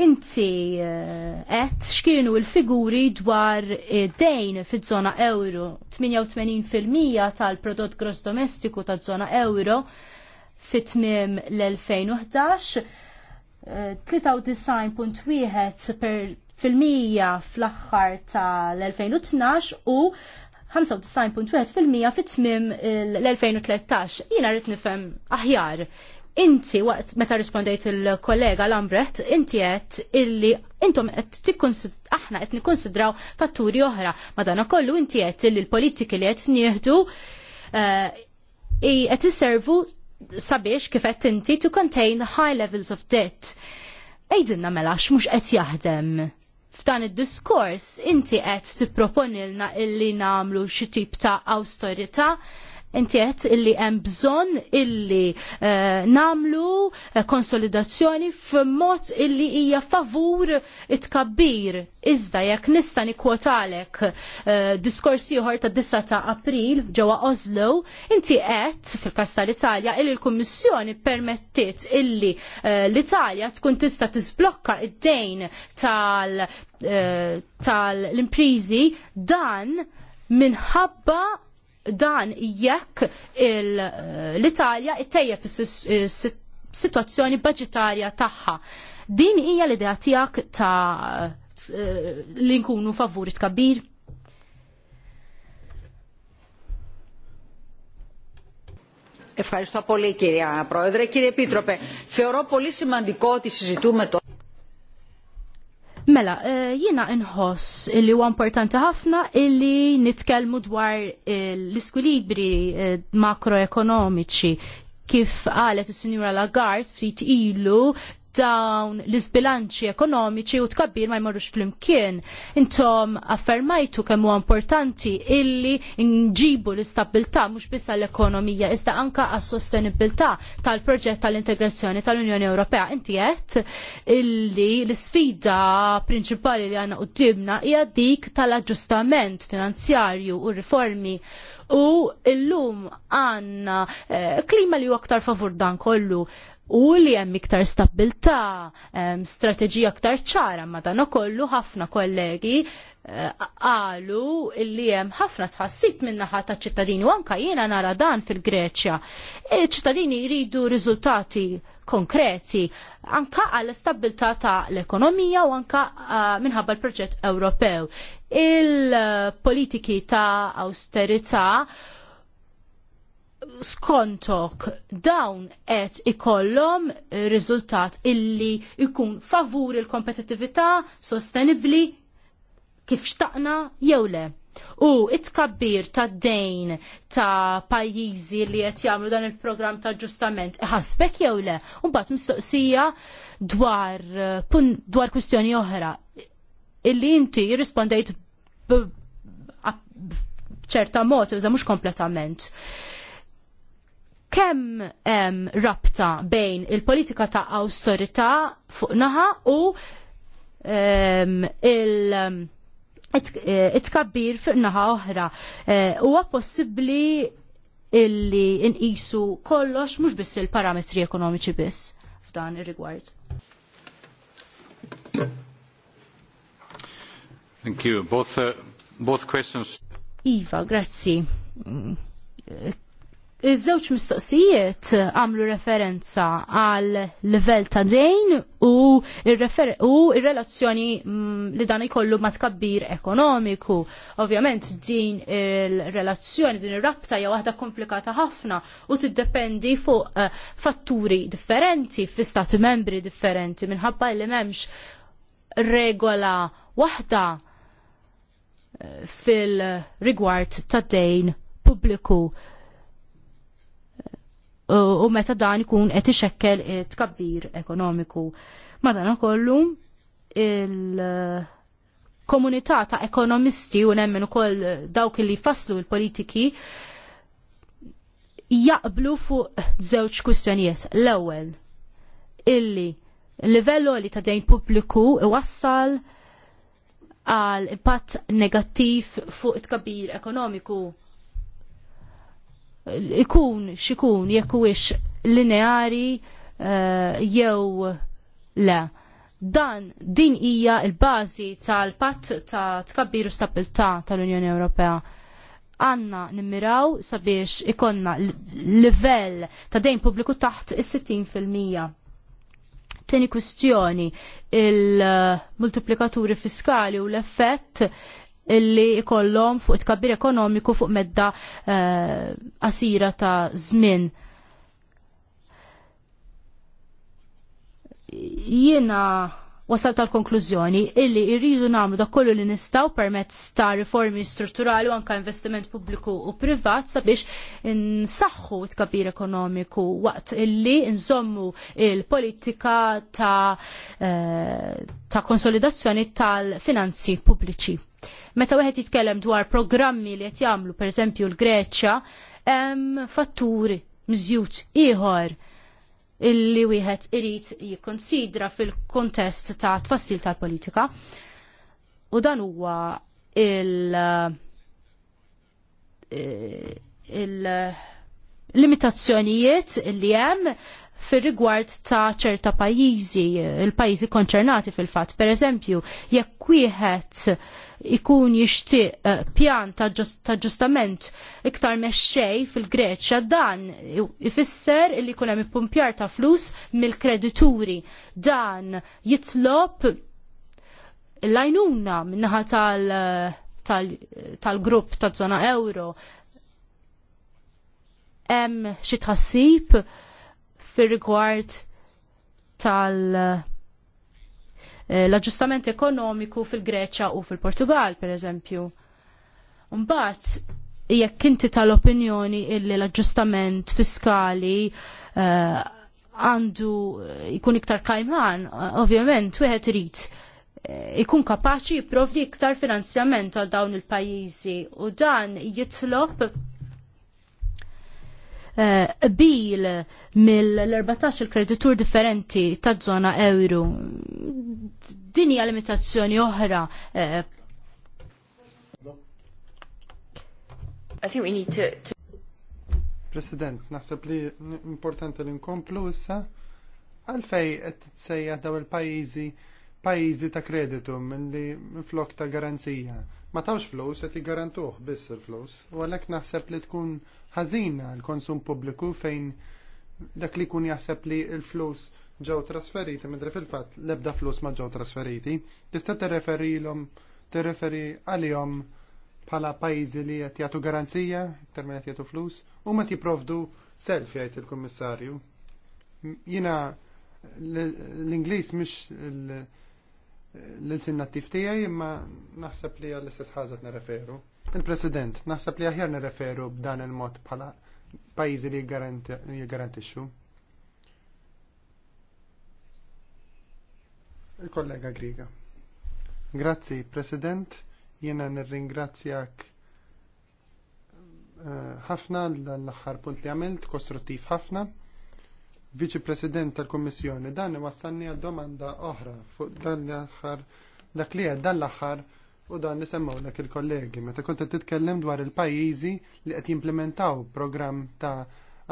inti qed eh, x'kienu l-figuri dwar eh, dejn fiż-żona euro, 88% tal-prodott gross domestiku taż-żona euro fit-tmiem l-2011, 93.1 eh, fil-mija fl-axħar tal-2012 u 95.1% fit-tmim l-2013. Jina rrit nifem aħjar. Inti waqt meta rispondejt il-kollega Lambret, inti qed illi intom qed aħna qed nikkonsidraw fatturi oħra. kollu inti qed illi l-politiki li qed nieħdu qed eh, iservu sabiex kif qed inti to contain high levels of debt. Ejdinna mela x'mhux qed jaħdem f'dan id-diskors inti qed tipproponilna illi nagħmlu xi tip ta' awstorità Inti illi hemm bżonn illi uh, namlu eh, konsolidazzjoni f'mod illi hija favur it-kabbir. Iżda jekk nista' nikkwotalek uh, eh, diskors ieħor ta' 9 ta' April ġewwa Oslo, inti qed fil kas tal-Italja illi l-Kummissjoni permettiet illi uh, l-Italja tkun tista' tisblokka id-dejn tal uh, tal dan minħabba dan jekk l-Italja ittejjeb fis situazzjoni budgetarja tagħha. Din hija l-idea tiegħek ta' eh, li nkunu favuri kabir. Ευχαριστώ πολύ κυρία Πρόεδρε. Κύριε Επίτροπε, θεωρώ πολύ σημαντικό ότι συζητούμε το Mela, eh, jina inħoss li huwa importanti ħafna illi nitkellmu dwar eh, l-iskwilibri eh, makroekonomiċi kif qalet is-Sinjura Lagarde ftit ilu dawn l-izbilanċi ekonomiċi u tkabbir ma jmorrux flimkien. Intom affermajtu kemm huwa importanti illi nġibu l istabilta mhux biss għall-ekonomija iżda anka għas-sostenibilità tal-proġett tal-integrazzjoni tal-Unjoni Ewropea. Inti għet illi l-sfida prinċipali li għandna qudiemna hija dik tal-aġġustament finanzjarju u riformi u l-lum għanna eh, klima li u aktar favur dan kollu u li hemm iktar stabilta, strateġija aktar ċara ma dan ukollu ħafna kollegi eh, qalu li hemm ħafna tħassib min-naħa taċ ċittadini u anke jiena nara dan fil-Greċja. Iċ-ċittadini jridu riżultati konkreti anka għall stabilità ta' l-ekonomija u anka eh, minħabba l-proġett Ewropew. Il-politiki ta' awsterità skontok dawn qed ikollhom riżultat illi jkun favur il-kompetittività sostenibbli kif xtaqna jew le. U it-kabbir ta' dejn ta' pajjiżi li qed jagħmlu dan il-programm ta' ġustament iħasbek jew le. U mbagħad mistoqsija dwar dwar kwistjoni oħra illi inti jirrispondejt b'ċerta mod, iżda mhux kompletament kemm hemm rabta bejn il-politika ta' austerità fuq naħa u um, il- eh, it-kabbir fuq naħa oħra. Eh, huwa possibbli illi nqisu kollox mhux biss il-parametri ekonomiċi biss f'dan ir-rigward. Thank you. Both, uh, both questions. Iva, grazzi mm, Iż-żewġ mistoqsijiet għamlu referenza għal level ta' dejn u ir-relazzjoni mm, li dan ikollu ma' tkabbir ekonomiku. Ovvjament din il-relazzjoni, din ir-rabta hija waħda komplikata ħafna u tiddependi fuq eh, fatturi differenti fi stati membri differenti minħabba li m'hemmx regola waħda eh, fil-rigward ta' dejn pubbliku u meta dan ikun qed ixekkel tkabbir ekonomiku. Madana ukollu il- komunità ta' ekonomisti u nemmen ukoll dawk li faslu l-politiki jaqblu fuq żewġ kwistjonijiet. L-ewwel illi livello li ta' dejn pubbliku iwassal għal impatt negattiv fuq it-kabir ekonomiku ikun xikun jekk huwiex lineari uh, jew le. Dan din hija l-bażi tal-patt ta' tkabbir u stabilità tal-Unjoni Ewropea. Għanna nimmiraw sabiex ikonna livell ta' dejn pubbliku taħt is-60%. Teni kwistjoni il-multiplikaturi eh, fiskali u l-effett illi kollom fuq tkabbir ekonomiku fuq medda eh, qasira ta' żmien. Jiena wasal tal-konklużjoni illi irridu nagħmlu dak kollu li nistgħu permezz ta' riformi strutturali u anke investiment pubbliku u privat sabiex insaħħu tkabbir ekonomiku waqt illi nżommu il-politika ta', eh, ta konsolidazzjoni tal-finanzi pubbliċi. Meta wieħed jitkellem dwar programmi li qed jagħmlu pereżempju l-Greċja, hemm fatturi mżjud ieħor illi wieħed irid jikkonsidra fil-kontest ta' tfassil tal-politika. U dan huwa il- il-limitazzjonijiet li hemm fir-rigward ta' ċerta pajjiżi, il-pajjiżi konċernati fil-fatt. Per eżempju, jekk wieħed ikun jixtieq eh, pjan ta' ġustament iktar mexxej fil-Greċja dan ifisser li jkun hemm ippumpjar ta' flus mill-kredituri. Dan jitlob l-għajnuna minnaħa tal-grupp tal, tal-zona euro. Hemm xi tħassib fir-rigward tal- Eh, l-aġġustament ekonomiku fil-Greċja u fil-Portugal, per eżempju. Mbagħad jekk inti tal-opinjoni illi l-aġġustament fiskali eh, għandu uh, jkun iktar kajman, ovvjament, wieħed irid ikun kapaċi jipprovdi iktar finanzjament għal dawn il-pajjiżi u dan jitlob qbil mill-14 il-kreditur differenti taż żona euro dinja limitazzjoni oħra eh, I think we need to, to... President, naħseb li importanti li nkomplu issa għalfej qed tsejjaħ daw il-pajjiżi pajjiżi ta' kreditu milli flok ta' garanzija. Ma tawx flus qed jgarantuh biss il-flus u għalhekk naħseb li tkun ħażina l-konsum pubbliku fejn dak li kun jaħseb li l-flus ġew trasferiti, midri fil-fatt l-ebda flus ma ġew trasferiti, tista' tirreferilhom tirreferi għalihom bħala pajjiżi li qed jagħtu garanzija, termin qed jagħtu flus, u ma jipprovdu self jgħid il-kummissarju. Jiena l-Ingliż mhix l-insennattiv tiegħi imma naħseb li għall-istess ħaġa nirreferu. Il-President, naħseb li aħjar nirreferu b'dan il-mod bħala pajjiżi li jgarantixxu. il-kollega Griga. Grazzi, President, Jiena nirringrazzjak eh, ħafna l-aħħar punt li għamilt, kostruttiv ħafna. Viċi President tal-Kommissjoni, dan wassanni għal domanda oħra fuq dan l-aħħar dak li dan l-aħħar u dan nisemmaw dak il-kollegi. Meta kont titkellem dwar il-pajjiżi li qed jimplementaw program ta'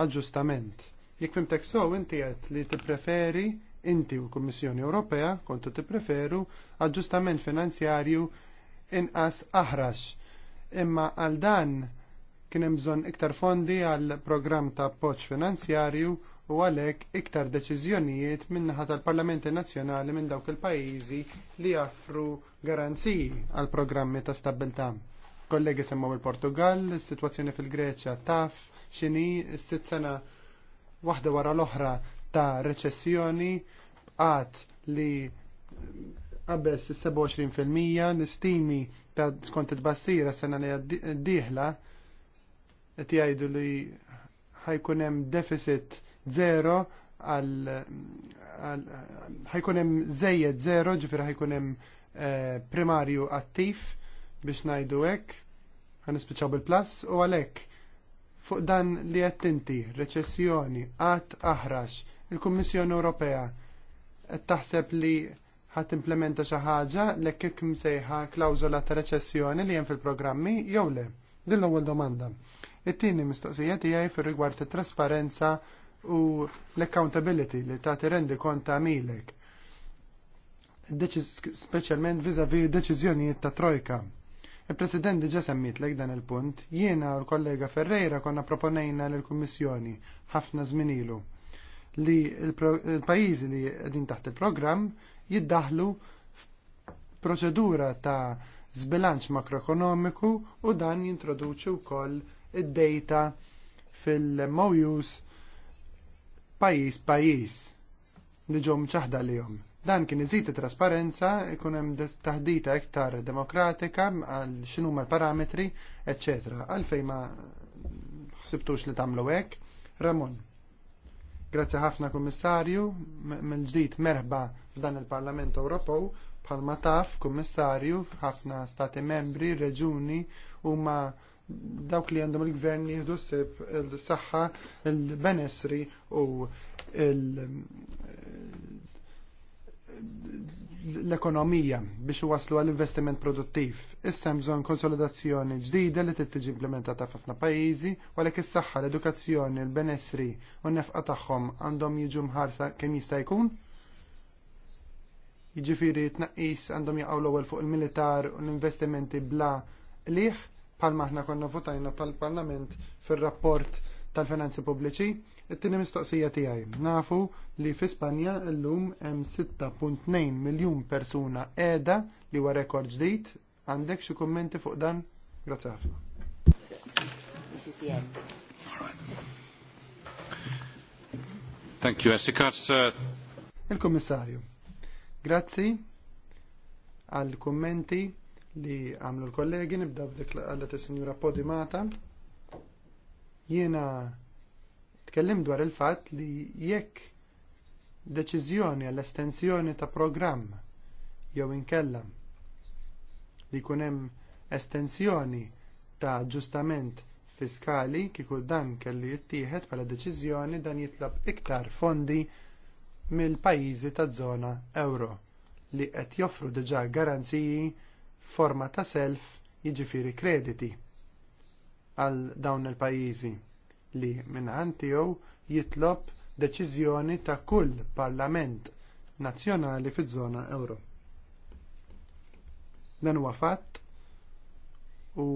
aġġustament. Jek fimtek so inti għed li tippreferi preferi inti u l-Kummissjoni Ewropea kontu tippreferu aġġustament finanzjarju inqas aħrax. Imma għal dan kien hemm bżonn iktar fondi għal programm ta' appoġġ finanzjarju u għalhekk iktar deċiżjonijiet min-naħa tal-Parlamenti Nazzjonali minn dawk il-pajjiżi li jaffru garanziji għal programmi ta' stabilità. Kollegi semmaw il-Portugal, is-sitwazzjoni fil-Greċja taf, x'inhi s-sitt sena waħda wara l-oħra ta' reċessjoni għat li qabbes is-27% nistimi ta' skont il-bassira sena li d-dieħla qed jgħidu li ħajkun hemm deficit zero għal ħajkun hemm żejjed zero ġifir ħajkun hemm eh, primarju attiv biex ngħidu hekk ħanispiċċaw bil-plus u għalhekk fuq dan li qed inti reċessjoni qatt aħrax Il-Kummissjoni Ewropea qed taħseb li ħat implementa xi ħaġa lekk hekk msejħa klawżola ta' reċessjoni li hemm fil-programmi jew le. Din l-ewwel domanda. It-tieni mistoqsija tiegħi fir-rigward it-trasparenza u l-accountability li tagħti rendi konta milek. Speċjalment vis-à-vis deċiżjonijiet ta' trojka. Il-President diġa semmitlek dan il-punt, jiena u l-kollega Ferreira konna proponejna l-Kummissjoni ħafna ilu li l-pajjiżi li din taħt il-programm jiddaħlu proċedura ta' zbilanċ makroekonomiku u dan jintroduċi wkoll id-data fil mowjus pajjiż pajjiż li ġew li jom. Dan kien iżid trasparenza, ikun hemm taħdita iktar demokratika għal x'inhuma l-parametri, eċċetera. Għalfejn ma ħsibtux li tagħmlu hekk. Ramon. Grazzi ħafna Kummissarju, mill-ġdid merħba f'dan il-Parlament Ewropew bħalma taf Kummissarju ħafna stati membri, reġuni huma dawk li għandhom il-gvern jieħdu ssib il-saħħa, il-benessri u l-ekonomija biex waslu għall-investiment produttiv. Issa bżonn konsolidazzjoni ġdida li trid tiġi implementata f'ħafna pajjiżi, għalhekk is-saħħa, l-edukazzjoni, l-benessri u n-nefqa tagħhom għandhom jiġu mħarsa kemm jista' jkun? Jiġifieri tnaqqis għandhom jaqgħu l-ewwel fuq il-militar u l-investimenti bla liħ bħalma aħna konna votajna pal-Parlament fir-rapport tal-finanzi pubbliċi It-tieni mistoqsija tiegħi. Nafu li fi Spanja llum hemm 6.2 miljun persuna qiegħda li huwa rekord ġdid. Għandek xi kummenti fuq dan? Grazzi ħafna. Thank you, Esikars. Il-Kommissarju, grazzi għal-kommenti li għamlu l-kollegi, nibda b'dik għallet il-Sinjura Podimata. Jiena Tkellim dwar il-fatt li jekk deċiżjoni għall-estensjoni ta' programm jew inkella li jkun hemm estensjoni ta' ġustament fiskali kieku dan kellu jittieħed bħala deċiżjoni dan jitlab iktar fondi mill-pajjiżi taż-żona euro li qed joffru diġà garanziji forma ta' self jiġifieri krediti għal dawn il-pajjiżi li minn tiegħu jitlob deċiżjoni ta' kull parlament nazzjonali fiż-żona Ewro. Dan huwa fatt u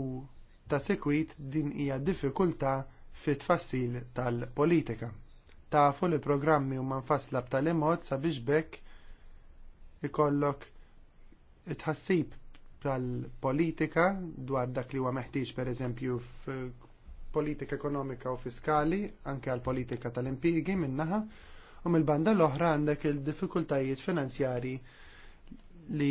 ta' sekwit din hija diffikultà fit tfassil tal-politika. Tafu li programmi huma nfassla b'tali mod sabiex bekk ikollok tħassib tal-politika dwar dak li huwa meħtieġ pereżempju politika ekonomika u fiskali, anke għal politika tal-impigi minnaħa, u mill-banda l-oħra għandek il-diffikultajiet finanzjari li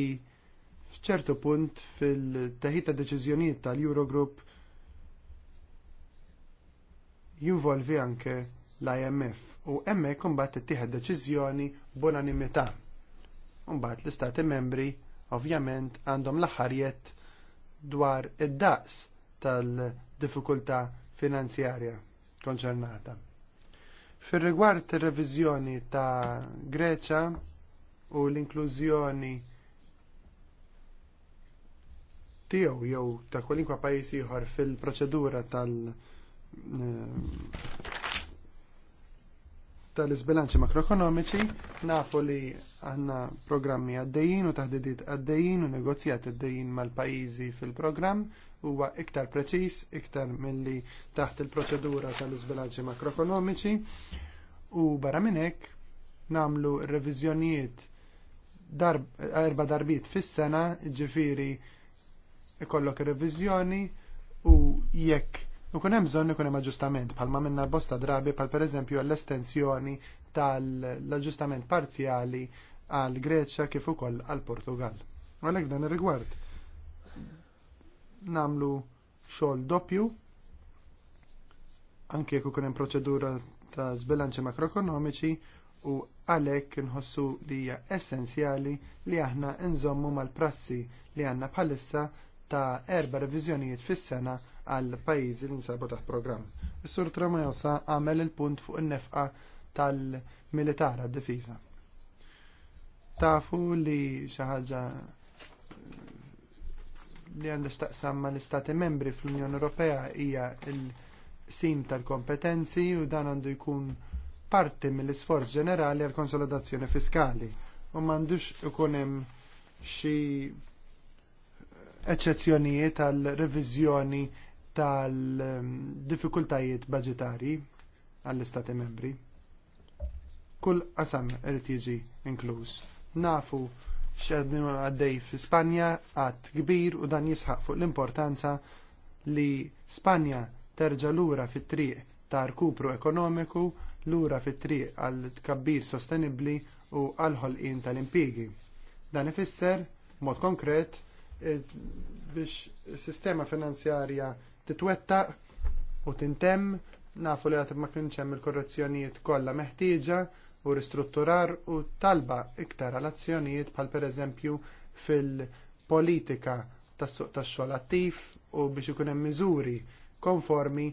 fċertu punt fil-teħid ta' deċiżjonijiet tal-Eurogroup jinvolvi anke l-IMF u hemmhekk imbagħad ittieħed deċiżjoni b'unanimità. Mbagħad l-istati membri ovvjament għandhom l dwar id-daqs tal-difikultà finanzjarja konċernata. Fir rigward ir-reviżjoni ta' Greċa u l-inklużjoni tiegħu jew ta' kwalinkwa pajjiż ieħor fil-proċedura tal- eh, tal-izbilanċi makroekonomiċi nafu li għanna programmi għaddejjin u taħdidiet għaddejjin u negozjat għaddejjin mal-pajizi fil-programm huwa iktar preċiż, iktar milli taħt il-proċedura tal-iżbilanċi makroekonomiċi u barra minn hekk nagħmlu reviżjonijiet darb, erba darbit fis-sena, ġifiri ikollok reviżjoni u jekk ikun hemm bżonn ikun hemm aġġustament bħalma minna bosta drabi bħal pereżempju għall-estensjoni tal-aġġustament parzjali għal Greċja kif ukoll għal Portugal. Għalhekk dan ir-rigward namlu xogħol doppju anke jekk ukoll hemm proċedura ta' żbilanċi makroekonomiċi u għalhekk inħossu li hija essenzjali li aħna nżommu mal-prassi li għandna bħalissa ta' erba reviżjonijiet fis-sena għal pajjiżi li nsabu taħt programm. Is-Sur Tramajosa għamel il-punt fuq in-nefqa tal-militar għad-difiża. Tafu li xi ħaġa li għandu xtaqsam ma l-Istati membri fl-Unjoni Ewropea hija l-sim tal-kompetenzi u dan għandu jkun parti mill-isforz ġenerali għal konsolidazzjoni fiskali u m'għandux ikun hemm xi eċċezzjonijiet għal reviżjoni tal-diffikultajiet budgetari għall-Istati membri. Kull qasam irid jiġi inkluż. Nafu xedni għaddej fi Spanja għad kbir u dan jisħaq fuq l-importanza li Spanja terġa lura fit-triq ta' rkupru ekonomiku lura fit-triq għal tkabbir sostenibbli u għalħol ħolqien tal-impigi. Dan ifisser, mod konkret, eh, biex sistema finanzjarja titwettaq u tintemm nafu li għatib ma kienx hemm il-korrezzjonijiet kollha meħtieġa u ristrutturar u talba iktar relazzjonijiet bħal pereżempju fil-politika tas-suq tax-xogħol attiv u biex ikun hemm miżuri konformi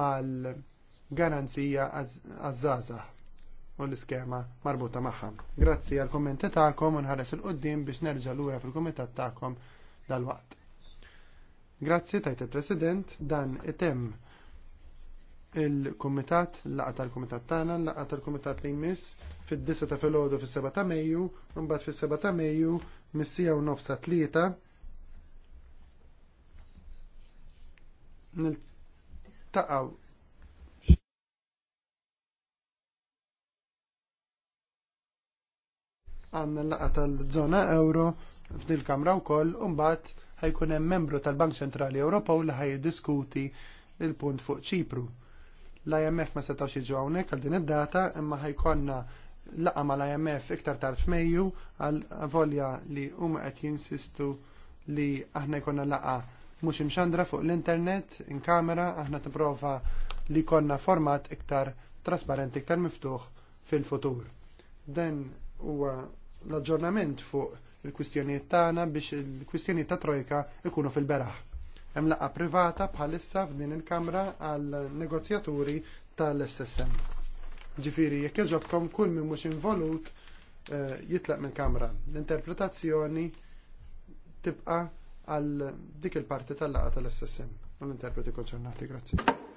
mal-garanzija għaż-żgħażagħ u l-iskema marbuta magħha. Grazzi għall kommenti tagħkom u nħares il qudiem biex nerġa' lura fil-kumitat tagħkom dalwaqt. Grazzi tajt il-President dan item il-komitat, laqa tal-komitat tagħna, laqa tal-komitat li jmiss fid-9 ta' filgħodu fis-7 ta' Mejju, imbagħad fis-7 ta' Mejju missija u nofsa tlieta. Niltaqgħu għanna laqa tal-żona euro f'dil kamra wkoll u mbagħad ħajkun hemm membru tal-Bank Ċentrali Ewropew li ħaj diskuti il-punt fuq Ċipru. L-IMF ma setawx jiġu hawnhekk għal din id-data imma ħajkonna laqa mal imf iktar tard f'Mejju għal volja li huma qed jinsistu li aħna jkollna laqa mhux imxandra fuq l-internet in kamera aħna tipprova li jkollna format iktar trasparenti iktar miftuħ fil-futur. Dan huwa l-aġġornament fuq il-kwistjonijiet tagħna biex il-kwistjonijiet ta' trojka ikunu fil-beraħ. Hemm laqgħa privata bħalissa f'din il-Kamra għal negozjaturi tal-SSM. Ġifieri jekk iġobkom kull min mhux involut eh, jitlaq mill-Kamra. L-interpretazzjoni tibqa' għal dik il-parti tal-laqgħa tal-SSM. L-interpreti konċernati, grazzi.